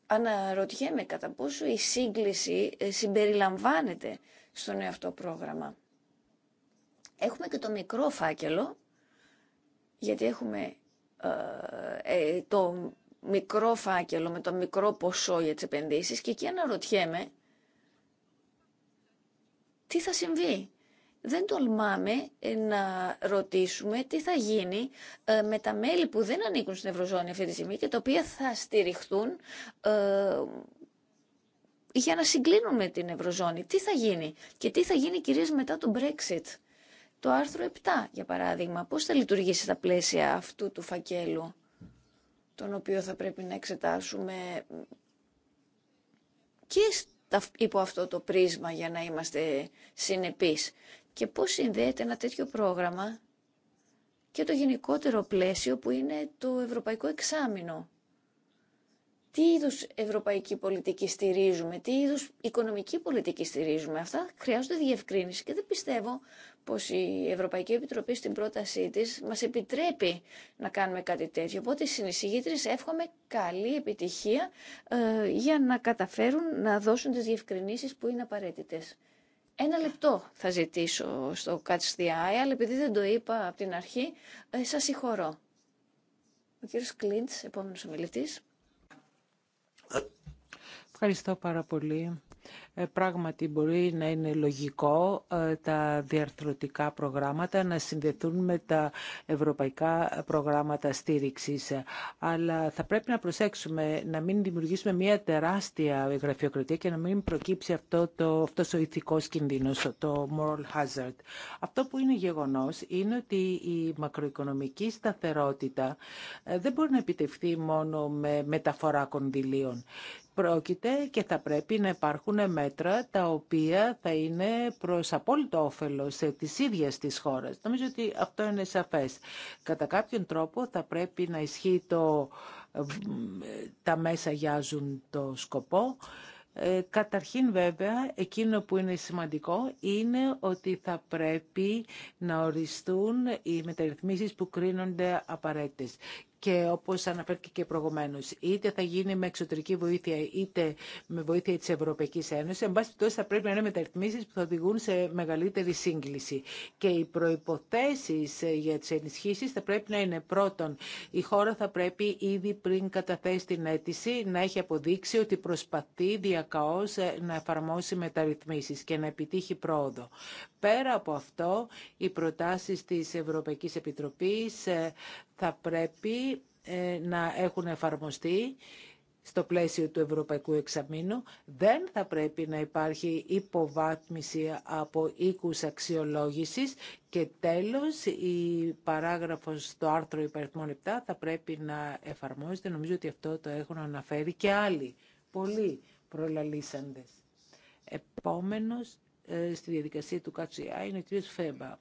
αναρωτιέμαι κατά πόσο η σύγκληση ε, συμπεριλαμβάνεται στο νέο αυτό πρόγραμμα. Έχουμε και το μικρό φάκελο, γιατί έχουμε ε, ε, το μικρό φάκελο με το μικρό ποσό για τις επενδύσεις και εκεί αναρωτιέμαι τι θα συμβεί. Δεν τολμάμε ε, να ρωτήσουμε τι θα γίνει με τα μέλη που δεν ανήκουν στην Ευρωζώνη αυτή τη στιγμή και τα οποία θα στηριχθούν για να συγκλίνουμε την Ευρωζώνη. Τι θα γίνει και τι θα γίνει κυρίως μετά το Brexit. Το άρθρο 7, για παράδειγμα, πώς θα λειτουργήσει στα πλαίσια αυτού του φακέλου, τον οποίο θα πρέπει να εξετάσουμε και υπό αυτό το πρίσμα για να είμαστε συνεπείς. Και πώς συνδέεται ένα τέτοιο πρόγραμμα και το γενικότερο πλαίσιο που είναι το Ευρωπαϊκό Εξάμεινο τι είδους ευρωπαϊκή πολιτική στηρίζουμε, τι είδους οικονομική πολιτική στηρίζουμε. Αυτά χρειάζονται διευκρίνηση και δεν πιστεύω πως η Ευρωπαϊκή Επιτροπή στην πρότασή της μας επιτρέπει να κάνουμε κάτι τέτοιο. Οπότε οι συνεισηγήτρες εύχομαι καλή επιτυχία ε, για να καταφέρουν να δώσουν τις διευκρινήσεις που είναι απαραίτητες. Ένα λεπτό θα ζητήσω στο Catch the Eye, αλλά επειδή δεν το είπα από την αρχή, ε, σας συγχωρώ. Ο κύριος Κλίντς, επόμενος ομιλητής. Ευχαριστώ πάρα πολύ. Ε, πράγματι μπορεί να είναι λογικό ε, τα διαρθρωτικά προγράμματα να συνδεθούν με τα ευρωπαϊκά προγράμματα στήριξης. Ε, αλλά θα πρέπει να προσέξουμε να μην δημιουργήσουμε μια τεράστια γραφειοκρατία και να μην προκύψει αυτό το, αυτός ο ηθικός κινδύνος, το moral hazard. Αυτό που είναι γεγονός είναι ότι η μακροοικονομική σταθερότητα δεν μπορεί να επιτευχθεί μόνο με μεταφορά κονδυλίων πρόκειται και θα πρέπει να υπάρχουν μέτρα τα οποία θα είναι προς απόλυτο όφελος τη ίδια της χώρας. Νομίζω ότι αυτό είναι σαφές. Κατά κάποιον τρόπο θα πρέπει να ισχύει το τα μέσα γιάζουν το σκοπό. Ε, καταρχήν βέβαια εκείνο που είναι σημαντικό είναι ότι θα πρέπει να οριστούν οι μεταρρυθμίσεις που κρίνονται απαραίτητες και όπως αναφέρθηκε και προηγουμένως, είτε θα γίνει με εξωτερική βοήθεια είτε με βοήθεια της Ευρωπαϊκής Ένωσης, εν πάση περιπτώσει θα πρέπει να είναι μεταρρυθμίσεις που θα οδηγούν σε μεγαλύτερη σύγκληση. Και οι προϋποθέσεις ε, για τις ενισχύσεις θα πρέπει να είναι πρώτον, η χώρα θα πρέπει ήδη πριν καταθέσει την αίτηση να έχει αποδείξει ότι προσπαθεί διακαώς ε, να εφαρμόσει μεταρρυθμίσεις και να επιτύχει πρόοδο. Πέρα από αυτό, οι προτάσεις της Ευρωπαϊκής Επιτροπής ε, θα πρέπει ε, να έχουν εφαρμοστεί στο πλαίσιο του Ευρωπαϊκού Εξαμήνου. Δεν θα πρέπει να υπάρχει υποβάθμιση από οίκους αξιολόγησης και τέλος η παράγραφος στο άρθρο υπαριθμών 7 θα πρέπει να εφαρμόζεται. Νομίζω ότι αυτό το έχουν αναφέρει και άλλοι πολλοί προλαλήσαντες. Επόμενος ε, στη διαδικασία του ΚΑΤΣΙΑ είναι ο κ. Φέμπα.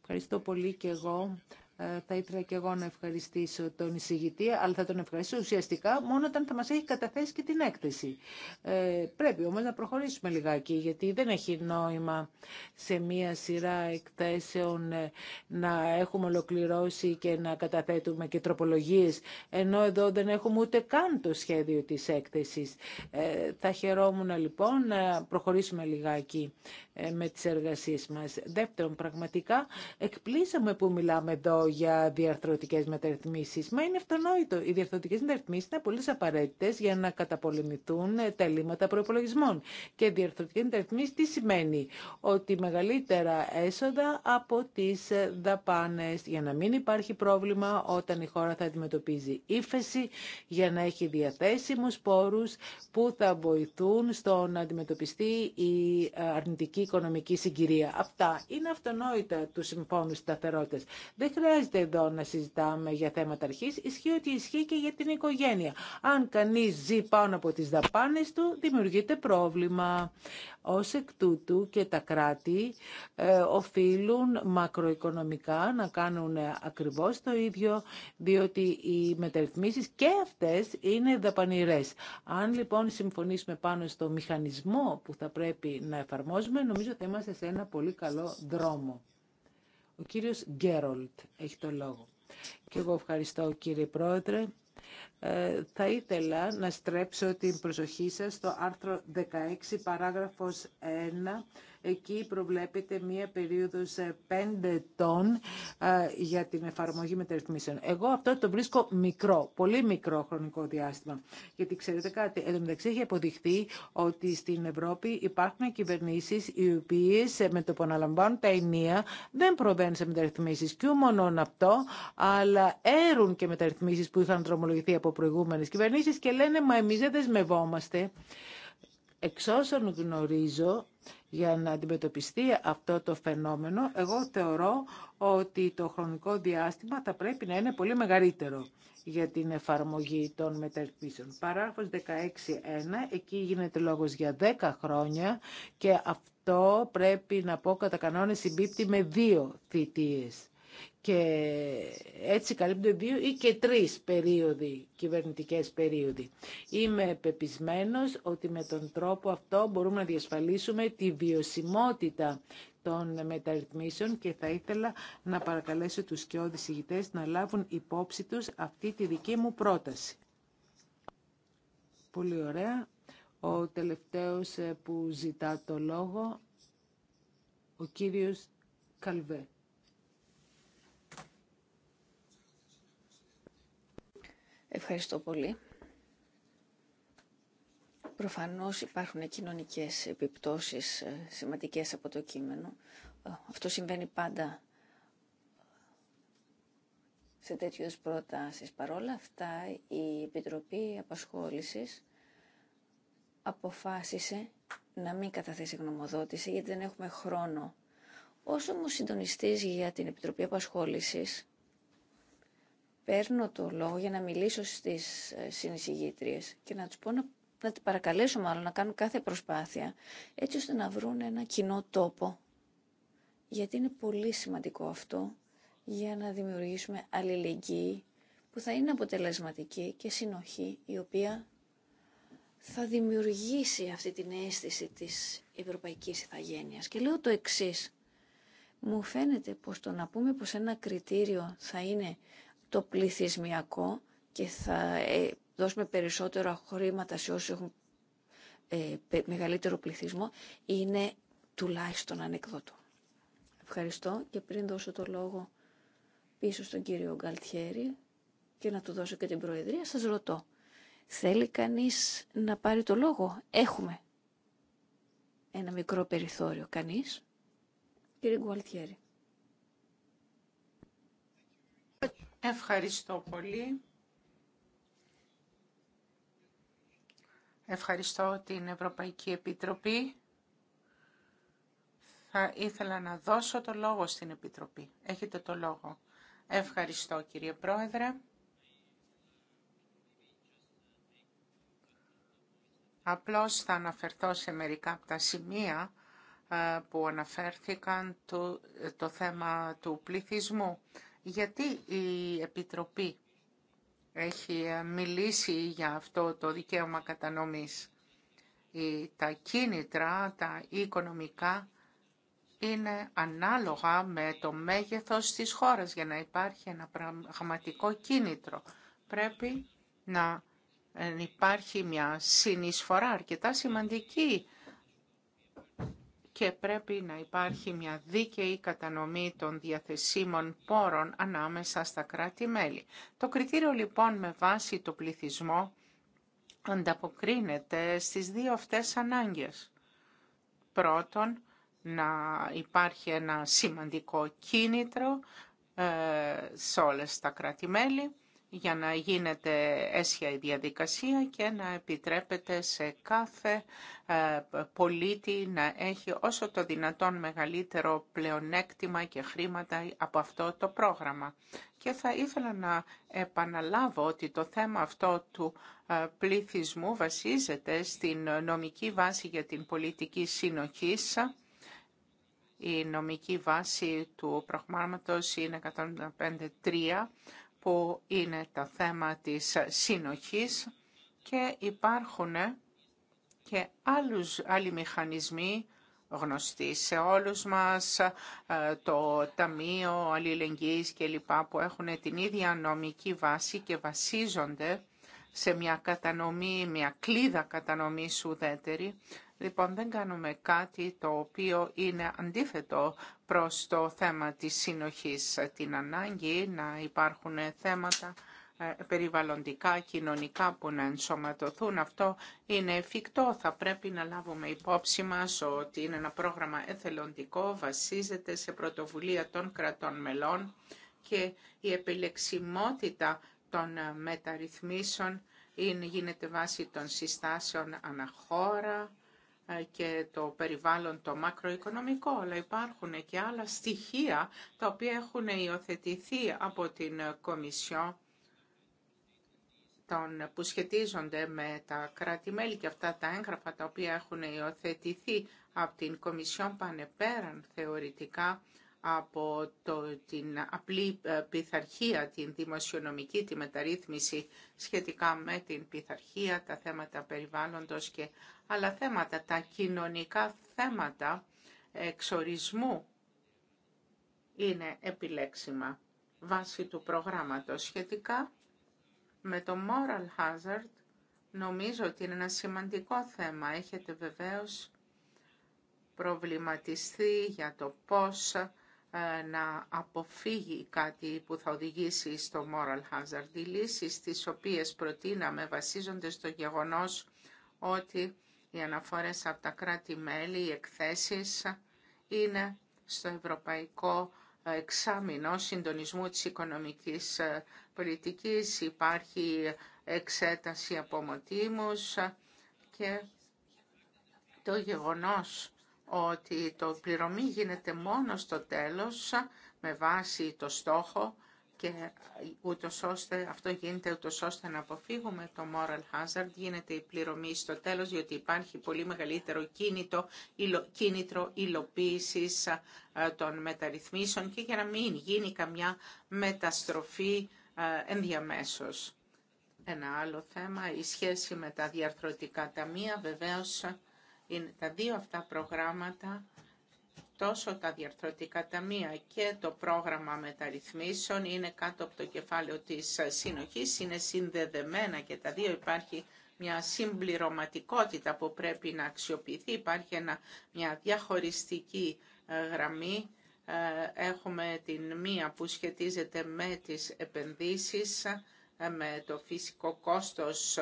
Ευχαριστώ πολύ και εγώ ε, θα ήθελα και εγώ να ευχαριστήσω τον εισηγητή, αλλά θα τον ευχαριστήσω ουσιαστικά μόνο όταν θα μας έχει καταθέσει και την έκθεση. Ε, πρέπει όμως να προχωρήσουμε λιγάκι, γιατί δεν έχει νόημα σε μία σειρά εκθέσεων ε, να έχουμε ολοκληρώσει και να καταθέτουμε και τροπολογίες, ενώ εδώ δεν έχουμε ούτε καν το σχέδιο της έκθεσης. Ε, θα χαιρόμουν λοιπόν να προχωρήσουμε λιγάκι ε, με τις εργασίες μας. Δεύτερον, πραγματικά εκπλήσαμε που μιλάμε εδώ για διαρθρωτικέ μεταρρυθμίσει. Μα είναι αυτονόητο. Οι διαρθρωτικέ μεταρρυθμίσει είναι πολύ απαραίτητε για να καταπολεμηθούν τα ελλείμματα προπολογισμών. Και διαρθρωτικέ μεταρρυθμίσει τι σημαίνει. Ότι μεγαλύτερα έσοδα από τι δαπάνε για να μην υπάρχει πρόβλημα όταν η χώρα θα αντιμετωπίζει ύφεση, για να έχει διαθέσιμου πόρου που θα βοηθούν στο να αντιμετωπιστεί η αρνητική οικονομική συγκυρία. Αυτά είναι αυτονόητα του συμφώνου σταθερότητα. Δεν χρειάζεται χρειάζεται εδώ να συζητάμε για θέματα αρχής. Ισχύει ότι ισχύει και για την οικογένεια. Αν κανείς ζει πάνω από τις δαπάνες του, δημιουργείται πρόβλημα. Ω εκ τούτου και τα κράτη ε, οφείλουν μακροοικονομικά να κάνουν ακριβώς το ίδιο, διότι οι μεταρρυθμίσει και αυτέ είναι δαπανηρές. Αν λοιπόν συμφωνήσουμε πάνω στο μηχανισμό που θα πρέπει να εφαρμόζουμε, νομίζω θα είμαστε σε ένα πολύ καλό δρόμο. Ο κύριος Γκέρολτ έχει το λόγο. Και εγώ ευχαριστώ κύριε Πρόεδρε. Ε, θα ήθελα να στρέψω την προσοχή σας στο άρθρο 16 παράγραφος 1 Εκεί προβλέπεται μία περίοδο ε, πέντε ετών ε, για την εφαρμογή μεταρρυθμίσεων. Εγώ αυτό το βρίσκω μικρό, πολύ μικρό χρονικό διάστημα. Γιατί ξέρετε κάτι, εν μεταξύ έχει αποδειχθεί ότι στην Ευρώπη υπάρχουν κυβερνήσει οι οποίε ε, με το που αναλαμβάνουν τα ενία δεν προβαίνουν σε μεταρρυθμίσει Και μόνο αυτό, αλλά έρουν και μεταρρυθμίσει που είχαν δρομολογηθεί από προηγούμενε κυβερνήσει. και λένε μα εμεί δεν δεσμευόμαστε. Εξ όσων γνωρίζω, για να αντιμετωπιστεί αυτό το φαινόμενο, εγώ θεωρώ ότι το χρονικό διάστημα θα πρέπει να είναι πολύ μεγαλύτερο για την εφαρμογή των μεταρρυθμίσεων. Παράγραφος 16.1, εκεί γίνεται λόγος για 10 χρόνια και αυτό πρέπει να πω κατά κανόνες συμπίπτει με δύο θητείες. Και έτσι καλύπτουν δύο ή και τρεις περίοδοι, κυβερνητικές περίοδοι. Είμαι πεπισμένος ότι με τον τρόπο αυτό μπορούμε να διασφαλίσουμε τη βιωσιμότητα των μεταρρυθμίσεων και θα ήθελα να παρακαλέσω τους και ηγητές να λάβουν υπόψη τους αυτή τη δική μου πρόταση. Πολύ ωραία. Ο τελευταίος που ζητά το λόγο, ο κύριος Καλβέ. Ευχαριστώ πολύ. Προφανώς υπάρχουν κοινωνικές επιπτώσεις ε, σημαντικές από το κείμενο. Ε, αυτό συμβαίνει πάντα σε τέτοιες προτάσεις. Παρόλα αυτά, η Επιτροπή Απασχόλησης αποφάσισε να μην καταθέσει γνωμοδότηση, γιατί δεν έχουμε χρόνο. Όσο μου συντονιστής για την Επιτροπή Απασχόλησης, παίρνω το λόγο για να μιλήσω στις ε, συνεισηγήτριες και να τους πω να, να παρακαλέσω μάλλον να κάνουν κάθε προσπάθεια έτσι ώστε να βρουν ένα κοινό τόπο. Γιατί είναι πολύ σημαντικό αυτό για να δημιουργήσουμε αλληλεγγύη που θα είναι αποτελεσματική και συνοχή η οποία θα δημιουργήσει αυτή την αίσθηση της ευρωπαϊκής ηθαγένειας. Και λέω το εξής. Μου φαίνεται πως το να πούμε πως ένα κριτήριο θα είναι το πληθυσμιακό και θα ε, δώσουμε περισσότερα χρήματα σε όσους έχουν ε, μεγαλύτερο πληθυσμό είναι τουλάχιστον ανεκδότο. Ευχαριστώ και πριν δώσω το λόγο πίσω στον κύριο Γκαλτιέρη και να του δώσω και την Προεδρία, σας ρωτώ. Θέλει κανείς να πάρει το λόγο. Έχουμε ένα μικρό περιθώριο. Κανείς. Κύριε Γκουαλτιέρη. Ευχαριστώ πολύ. Ευχαριστώ την Ευρωπαϊκή Επιτροπή. Θα ήθελα να δώσω το λόγο στην Επιτροπή. Έχετε το λόγο. Ευχαριστώ κύριε Πρόεδρε. Απλώς θα αναφερθώ σε μερικά από τα σημεία ε, που αναφέρθηκαν το θέμα του πληθυσμού. Γιατί η Επιτροπή έχει ε, μιλήσει για αυτό το δικαίωμα κατανομής. Τα κίνητρα, τα οικονομικά είναι ανάλογα με το μέγεθος της χώρας για να υπάρχει ένα πραγματικό κίνητρο. Πρέπει να ε, υπάρχει μια συνεισφορά αρκετά σημαντική και πρέπει να υπάρχει μια δίκαιη κατανομή των διαθεσίμων πόρων ανάμεσα στα κράτη-μέλη. Το κριτήριο λοιπόν με βάση το πληθυσμό ανταποκρίνεται στις δύο αυτές ανάγκες. Πρώτον, να υπάρχει ένα σημαντικό κίνητρο ε, σε όλες τα κράτη-μέλη για να γίνεται αίσια η διαδικασία και να επιτρέπεται σε κάθε ε, πολίτη να έχει όσο το δυνατόν μεγαλύτερο πλεονέκτημα και χρήματα από αυτό το πρόγραμμα. Και θα ήθελα να επαναλάβω ότι το θέμα αυτό του ε, πληθυσμού βασίζεται στην νομική βάση για την πολιτική συνοχή. Η νομική βάση του προγράμματος είναι 105.3 που είναι το θέμα της συνοχής και υπάρχουν και άλλους, άλλοι μηχανισμοί γνωστοί σε όλους μας, ε, το Ταμείο Αλληλεγγύης και λοιπά που έχουν την ίδια νομική βάση και βασίζονται σε μια κατανομή, μια κλίδα κατανομής ουδέτερη Λοιπόν, δεν κάνουμε κάτι το οποίο είναι αντίθετο προς το θέμα της συνοχής, την ανάγκη να υπάρχουν θέματα ε, περιβαλλοντικά, κοινωνικά που να ενσωματωθούν. Αυτό είναι εφικτό. Θα πρέπει να λάβουμε υπόψη μας ότι είναι ένα πρόγραμμα εθελοντικό, βασίζεται σε πρωτοβουλία των κρατών μελών και η επιλεξιμότητα των ε, μεταρρυθμίσεων είναι, γίνεται βάση των συστάσεων αναχώρα, ε, και το περιβάλλον το μακροοικονομικό, αλλά υπάρχουν και άλλα στοιχεία τα οποία έχουν υιοθετηθεί από την Κομισιό των, που σχετίζονται με τα κράτη-μέλη και αυτά τα έγγραφα τα οποία έχουν υιοθετηθεί από την Κομισιόν πάνε πέραν θεωρητικά από το, την απλή ε, πειθαρχία, την δημοσιονομική, τη μεταρρύθμιση σχετικά με την πειθαρχία, τα θέματα περιβάλλοντος και άλλα θέματα, τα κοινωνικά θέματα εξορισμού είναι επιλέξιμα βάση του προγράμματος. Σχετικά με το moral hazard, νομίζω ότι είναι ένα σημαντικό θέμα. Έχετε βεβαίως προβληματιστεί για το πώς ε, να αποφύγει κάτι που θα οδηγήσει στο moral hazard. Οι λύσεις τις οποίες προτείναμε βασίζονται στο γεγονός ότι οι αναφορές από τα κράτη-μέλη, οι εκθέσεις είναι στο ευρωπαϊκό εξάμεινο συντονισμού της οικονομικής ε, πολιτικής. Υπάρχει εξέταση από και το γεγονός ότι το πληρωμή γίνεται μόνο στο τέλος με βάση το στόχο και ούτως αυτό γίνεται ούτω ώστε να αποφύγουμε το moral hazard, γίνεται η πληρωμή στο τέλος, διότι υπάρχει πολύ μεγαλύτερο κίνητο, υλο, κίνητρο υλοποίηση ε, των μεταρρυθμίσεων και για να μην γίνει καμιά μεταστροφή ε, ενδιαμέσως. Ένα άλλο θέμα, η σχέση με τα διαρθρωτικά ταμεία, βεβαίως είναι τα δύο αυτά προγράμματα, τόσο τα διαρθρωτικά ταμεία και το πρόγραμμα μεταρρυθμίσεων είναι κάτω από το κεφάλαιο της συνοχής, είναι συνδεδεμένα και τα δύο υπάρχει μια συμπληρωματικότητα που πρέπει να αξιοποιηθεί, υπάρχει μια διαχωριστική ε, γραμμή. Ε, έχουμε την μία που σχετίζεται με τις επενδύσεις, ε, με το φυσικό κόστος,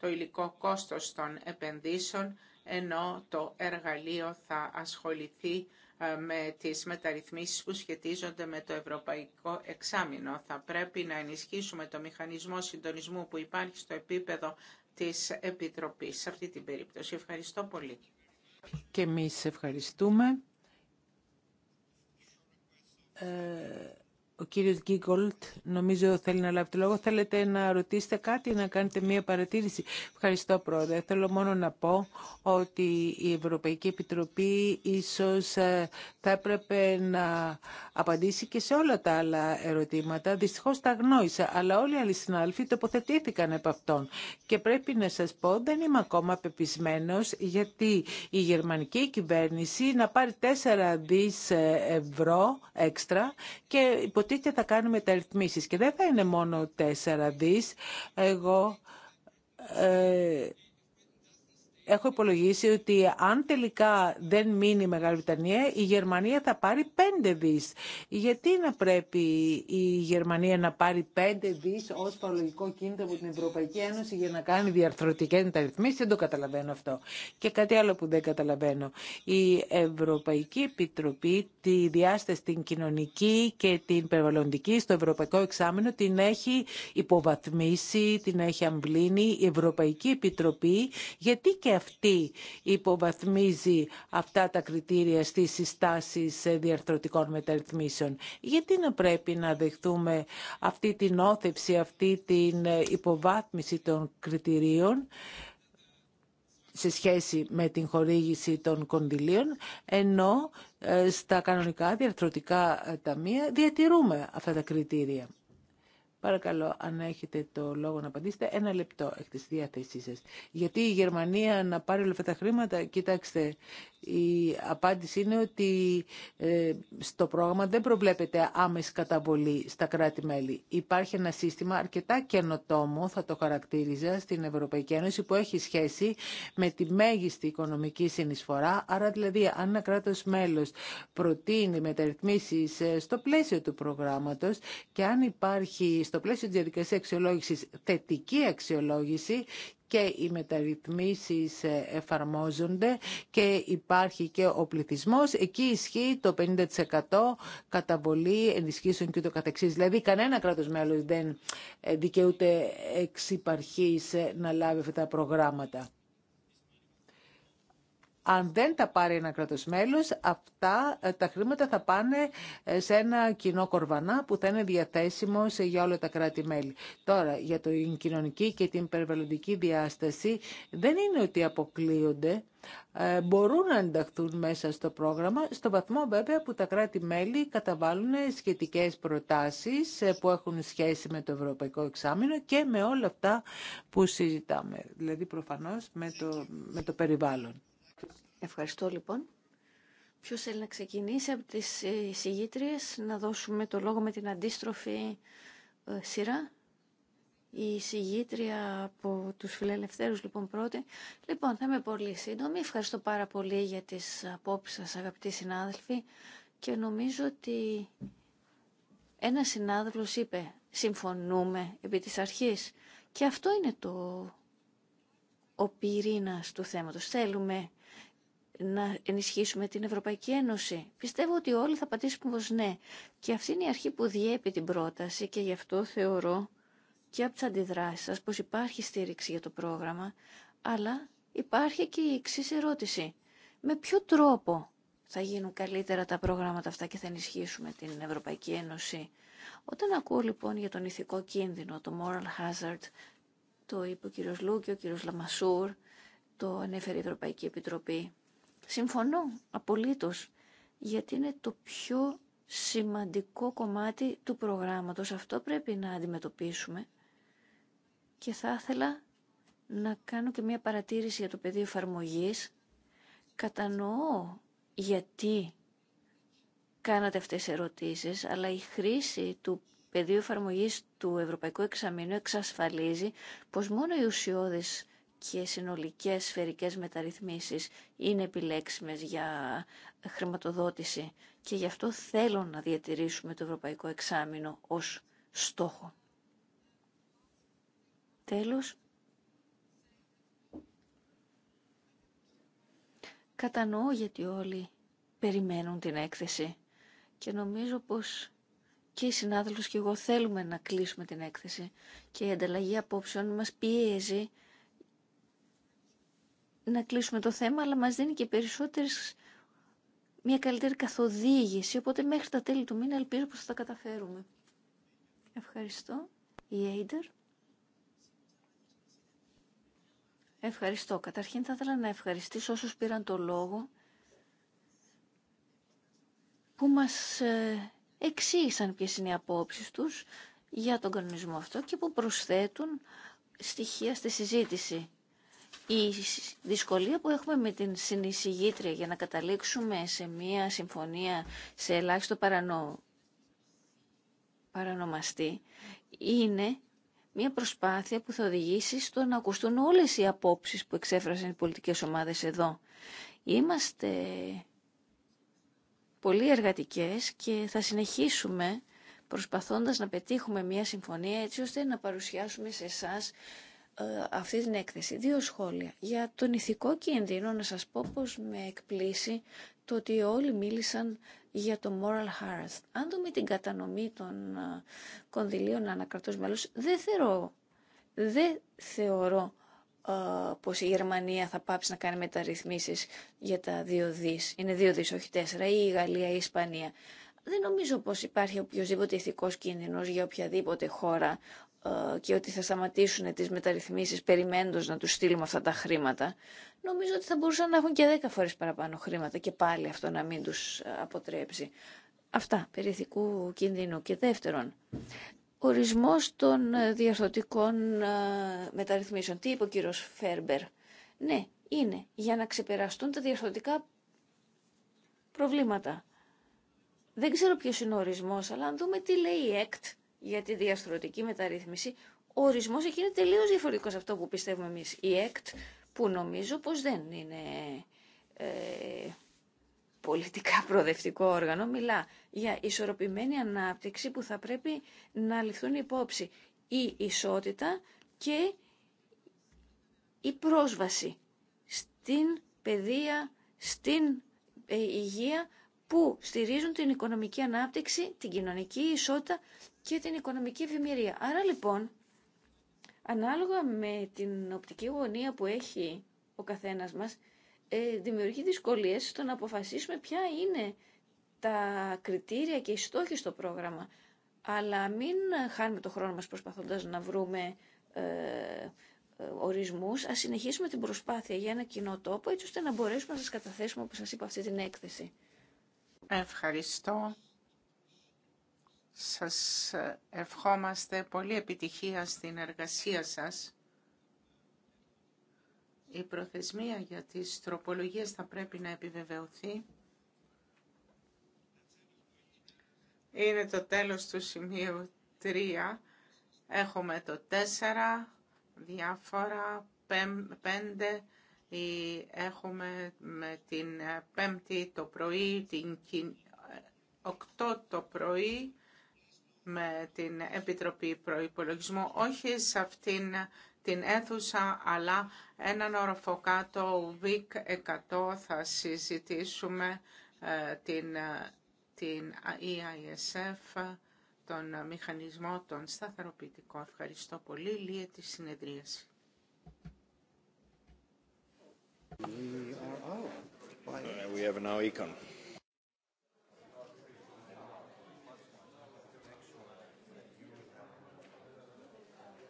το υλικό κόστος των επενδύσεων ενώ το εργαλείο θα ασχοληθεί ε, με τις μεταρρυθμίσεις που σχετίζονται με το ευρωπαϊκό εξάμεινο. Θα πρέπει να ενισχύσουμε το μηχανισμό συντονισμού που υπάρχει στο επίπεδο της Επιτροπής σε αυτή την περίπτωση. Ευχαριστώ πολύ. Και εμείς ευχαριστούμε. Ε, ο κύριος Γκίγκολτ νομίζω θέλει να λάβει το λόγο. Θέλετε να ρωτήσετε κάτι, να κάνετε μία παρατήρηση. Ευχαριστώ πρόεδρε. Θέλω μόνο να πω ότι η Ευρωπαϊκή Επιτροπή ίσως ε, θα έπρεπε να απαντήσει και σε όλα τα άλλα ερωτήματα. Δυστυχώς τα γνώρισα, αλλά όλοι οι άλλοι συνάδελφοι τοποθετήθηκαν επ' αυτόν. Και πρέπει να σας πω, δεν είμαι ακόμα πεπισμένος γιατί η γερμανική κυβέρνηση να πάρει 4 δις ε, ευρώ έξτρα και υποτίθεται θα κάνουμε μεταρρυθμίσεις και δεν θα είναι μόνο 4 δις. Εγώ ε, έχω υπολογίσει ότι αν τελικά δεν μείνει η Μεγάλη Βρετανία, η Γερμανία θα πάρει πέντε δι. Γιατί να πρέπει η Γερμανία να πάρει πέντε δι ω παρολογικό κίνητο από την Ευρωπαϊκή Ένωση για να κάνει διαρθρωτικέ μεταρρυθμίσει, δεν το καταλαβαίνω αυτό. Και κάτι άλλο που δεν καταλαβαίνω. Η Ευρωπαϊκή Επιτροπή τη διάσταση την κοινωνική και την περιβαλλοντική στο Ευρωπαϊκό Εξάμεινο την έχει υποβαθμίσει, την έχει αμβλύνει η Ευρωπαϊκή Επιτροπή γιατί και αυτή υποβαθμίζει αυτά τα κριτήρια στις συστάσεις ε, διαρθρωτικών μεταρρυθμίσεων. Γιατί να πρέπει να δεχθούμε αυτή την όθευση, αυτή την ε, υποβάθμιση των κριτηρίων σε σχέση με την χορήγηση των κονδυλίων, ενώ ε, στα κανονικά διαρθρωτικά ταμεία διατηρούμε αυτά τα κριτήρια. Παρακαλώ, αν έχετε το λόγο να απαντήσετε, ένα λεπτό έχετε στη διάθεσή σας. Γιατί η Γερμανία να πάρει όλα αυτά τα χρήματα, κοιτάξτε, η απάντηση είναι ότι ε, στο πρόγραμμα δεν προβλέπεται άμεση καταβολή στα κράτη-μέλη. Υπάρχει ένα σύστημα αρκετά καινοτόμο, θα το χαρακτήριζα, στην Ευρωπαϊκή Ένωση που έχει σχέση με τη μέγιστη οικονομική συνεισφορά. Άρα δηλαδή αν ένα κράτος μέλος προτείνει μεταρρυθμίσεις ε, στο πλαίσιο του προγράμματος και αν υπάρχει στο πλαίσιο της διαδικασίας αξιολόγησης θετική αξιολόγηση και οι μεταρρυθμίσεις ε, εφαρμόζονται και υπάρχει και ο πληθυσμός. Εκεί ισχύει το 50% καταβολή ενισχύσεων και Δηλαδή κανένα κράτος μέλος δεν ε, δικαιούται εξ ε, να λάβει αυτά τα προγράμματα. Αν δεν τα πάρει ένα κράτος αυτά ε, τα χρήματα θα πάνε ε, σε ένα κοινό κορβανά που θα είναι διαθέσιμο σε, για όλα τα κράτη-μέλη. Τώρα, για την κοινωνική και την περιβαλλοντική διάσταση, δεν είναι ότι αποκλείονται ε, μπορούν να ενταχθούν μέσα στο πρόγραμμα, στο βαθμό βέβαια που τα κράτη-μέλη καταβάλουν σχετικές προτάσεις που έχουν σχέση με το Ευρωπαϊκό Εξάμεινο και με όλα αυτά που συζητάμε, δηλαδή προφανώς με το, με το περιβάλλον. Ευχαριστώ λοιπόν. Ποιο θέλει να ξεκινήσει από τι ε, συγγήτριε, να δώσουμε το λόγο με την αντίστροφη ε, σειρά. Η συγγήτρια από τους φιλελευθέρους λοιπόν πρώτη. Λοιπόν, θα είμαι πολύ σύντομη. Ευχαριστώ πάρα πολύ για τις απόψεις σας αγαπητοί συνάδελφοι και νομίζω ότι ένα συνάδελφος είπε συμφωνούμε επί της αρχής και αυτό είναι το ο πυρήνας του θέματος. Θέλουμε να ενισχύσουμε την Ευρωπαϊκή Ένωση. Πιστεύω ότι όλοι θα πατήσουμε πως ναι. Και αυτή είναι η αρχή που διέπει την πρόταση και γι' αυτό θεωρώ και από τις αντιδράσεις σας πως υπάρχει στήριξη για το πρόγραμμα, αλλά υπάρχει και η εξή ερώτηση. Με ποιο τρόπο θα γίνουν καλύτερα τα πρόγραμματα αυτά και θα ενισχύσουμε την Ευρωπαϊκή Ένωση. Όταν ακούω λοιπόν για τον ηθικό κίνδυνο, το moral hazard, το είπε ο κύριος Λούκη, ο κύριος Λαμασούρ, το ανέφερε η Ευρωπαϊκή Επιτροπή. Συμφωνώ απολύτως, γιατί είναι το πιο σημαντικό κομμάτι του προγράμματος. Αυτό πρέπει να αντιμετωπίσουμε και θα ήθελα να κάνω και μια παρατήρηση για το πεδίο εφαρμογή. Κατανοώ γιατί κάνατε αυτές τις ερωτήσεις, αλλά η χρήση του πεδίου εφαρμογή του Ευρωπαϊκού Εξαμήνου εξασφαλίζει πως μόνο οι ουσιώδεις και συνολικές σφαιρικές μεταρρυθμίσεις είναι επιλέξιμες για χρηματοδότηση και γι' αυτό θέλω να διατηρήσουμε το Ευρωπαϊκό Εξάμεινο ως στόχο. Τέλος, κατανοώ γιατί όλοι περιμένουν την έκθεση και νομίζω πως και οι συνάδελφοι και εγώ θέλουμε να κλείσουμε την έκθεση και η ανταλλαγή απόψεων μας πιέζει να κλείσουμε το θέμα, αλλά μας δίνει και περισσότερες μια καλύτερη καθοδήγηση, οπότε μέχρι τα τέλη του μήνα ελπίζω πως θα τα καταφέρουμε. Ευχαριστώ. Η Aider. Ευχαριστώ. Καταρχήν θα ήθελα να ευχαριστήσω όσους πήραν το λόγο που μας ε, εξήγησαν ποιες είναι οι απόψεις τους για τον κανονισμό αυτό και που προσθέτουν στοιχεία στη συζήτηση η δυσκολία που έχουμε με την συνεισυγήτρια για να καταλήξουμε σε μία συμφωνία σε ελάχιστο παρανό... παρανομαστή είναι μία προσπάθεια που θα οδηγήσει στο να ακουστούν όλες οι απόψεις που εξέφρασαν οι πολιτικές ομάδες εδώ. Είμαστε πολύ εργατικές και θα συνεχίσουμε προσπαθώντας να πετύχουμε μία συμφωνία έτσι ώστε να παρουσιάσουμε σε εσάς ε, αυτή την έκθεση. Δύο σχόλια. Για τον ηθικό κίνδυνο να σας πω πως με εκπλήσει το ότι όλοι μίλησαν για το moral harass. Αν δούμε την κατανομή των ε, κονδυλίων ανακρατός μέλος, δεν θεωρώ, δεν θεωρώ α, ε, πως η Γερμανία θα πάψει να κάνει μεταρρυθμίσεις για τα δύο δις. Είναι δύο δις, όχι τέσσερα, ή η Γαλλία ή η Ισπανία. Δεν νομίζω πως υπάρχει οποιοδήποτε ηθικός κίνδυνος για οποιαδήποτε χώρα ε, και ότι θα σταματήσουν τις μεταρρυθμίσεις περιμένοντας να τους στείλουμε αυτά τα χρήματα, νομίζω ότι θα μπορούσαν να έχουν και 10 φορές παραπάνω χρήματα και πάλι αυτό να μην τους ε, αποτρέψει. Αυτά, περιθικού κινδύνου. Και δεύτερον, ορισμός των ε, διαρθωτικών μεταρρυθμίσεων. Τι είπε ο κύριος Φέρμπερ. Ναι, είναι για να ξεπεραστούν τα διαρθωτικά προβλήματα. Δεν ξέρω ποιος είναι ο ορισμός, αλλά αν δούμε τι λέει η ΕΚΤ, για τη διαστρωτική μεταρρύθμιση, ο ορισμός εκεί είναι τελείως διαφορετικός από αυτό που πιστεύουμε εμείς. Η ΕΚΤ, που νομίζω πως δεν είναι ε, πολιτικά προοδευτικό όργανο, μιλά για ισορροπημένη ανάπτυξη που θα πρέπει να ληφθούν υπόψη η ισότητα και η πρόσβαση στην παιδεία, στην ε, υγεία που στηρίζουν την οικονομική ανάπτυξη, την κοινωνική ισότητα και την οικονομική ευημερία. Άρα λοιπόν, ανάλογα με την οπτική γωνία που έχει ο καθένας μας, ε, δημιουργεί δυσκολίες στο να αποφασίσουμε ποια είναι τα κριτήρια και οι στόχοι στο πρόγραμμα. Αλλά μην χάνουμε το χρόνο μας προσπαθώντας να βρούμε ε, ε, ορισμούς. Ας συνεχίσουμε την προσπάθεια για ένα κοινό τόπο, έτσι ώστε να μπορέσουμε να σας καταθέσουμε, όπως σας είπα, αυτή την έκθεση. Ευχαριστώ. Σας ε, ευχόμαστε πολύ επιτυχία στην εργασία σας. Η προθεσμία για τις τροπολογίες θα πρέπει να επιβεβαιωθεί. Είναι το τέλος του σημείου 3. Έχουμε το 4, διάφορα, 5, Έχουμε με την πέμπτη το πρωί, την 8 το πρωί με την Επιτροπή Προϋπολογισμού, όχι σε αυτήν την αίθουσα, αλλά έναν όροφο το ΒΙΚ 100, θα συζητήσουμε ε, την, ε, την EISF, τον μηχανισμό των σταθεροποιητικών. Ευχαριστώ πολύ. Λύε τη συνεδρίαση. We are out. We have an now econ.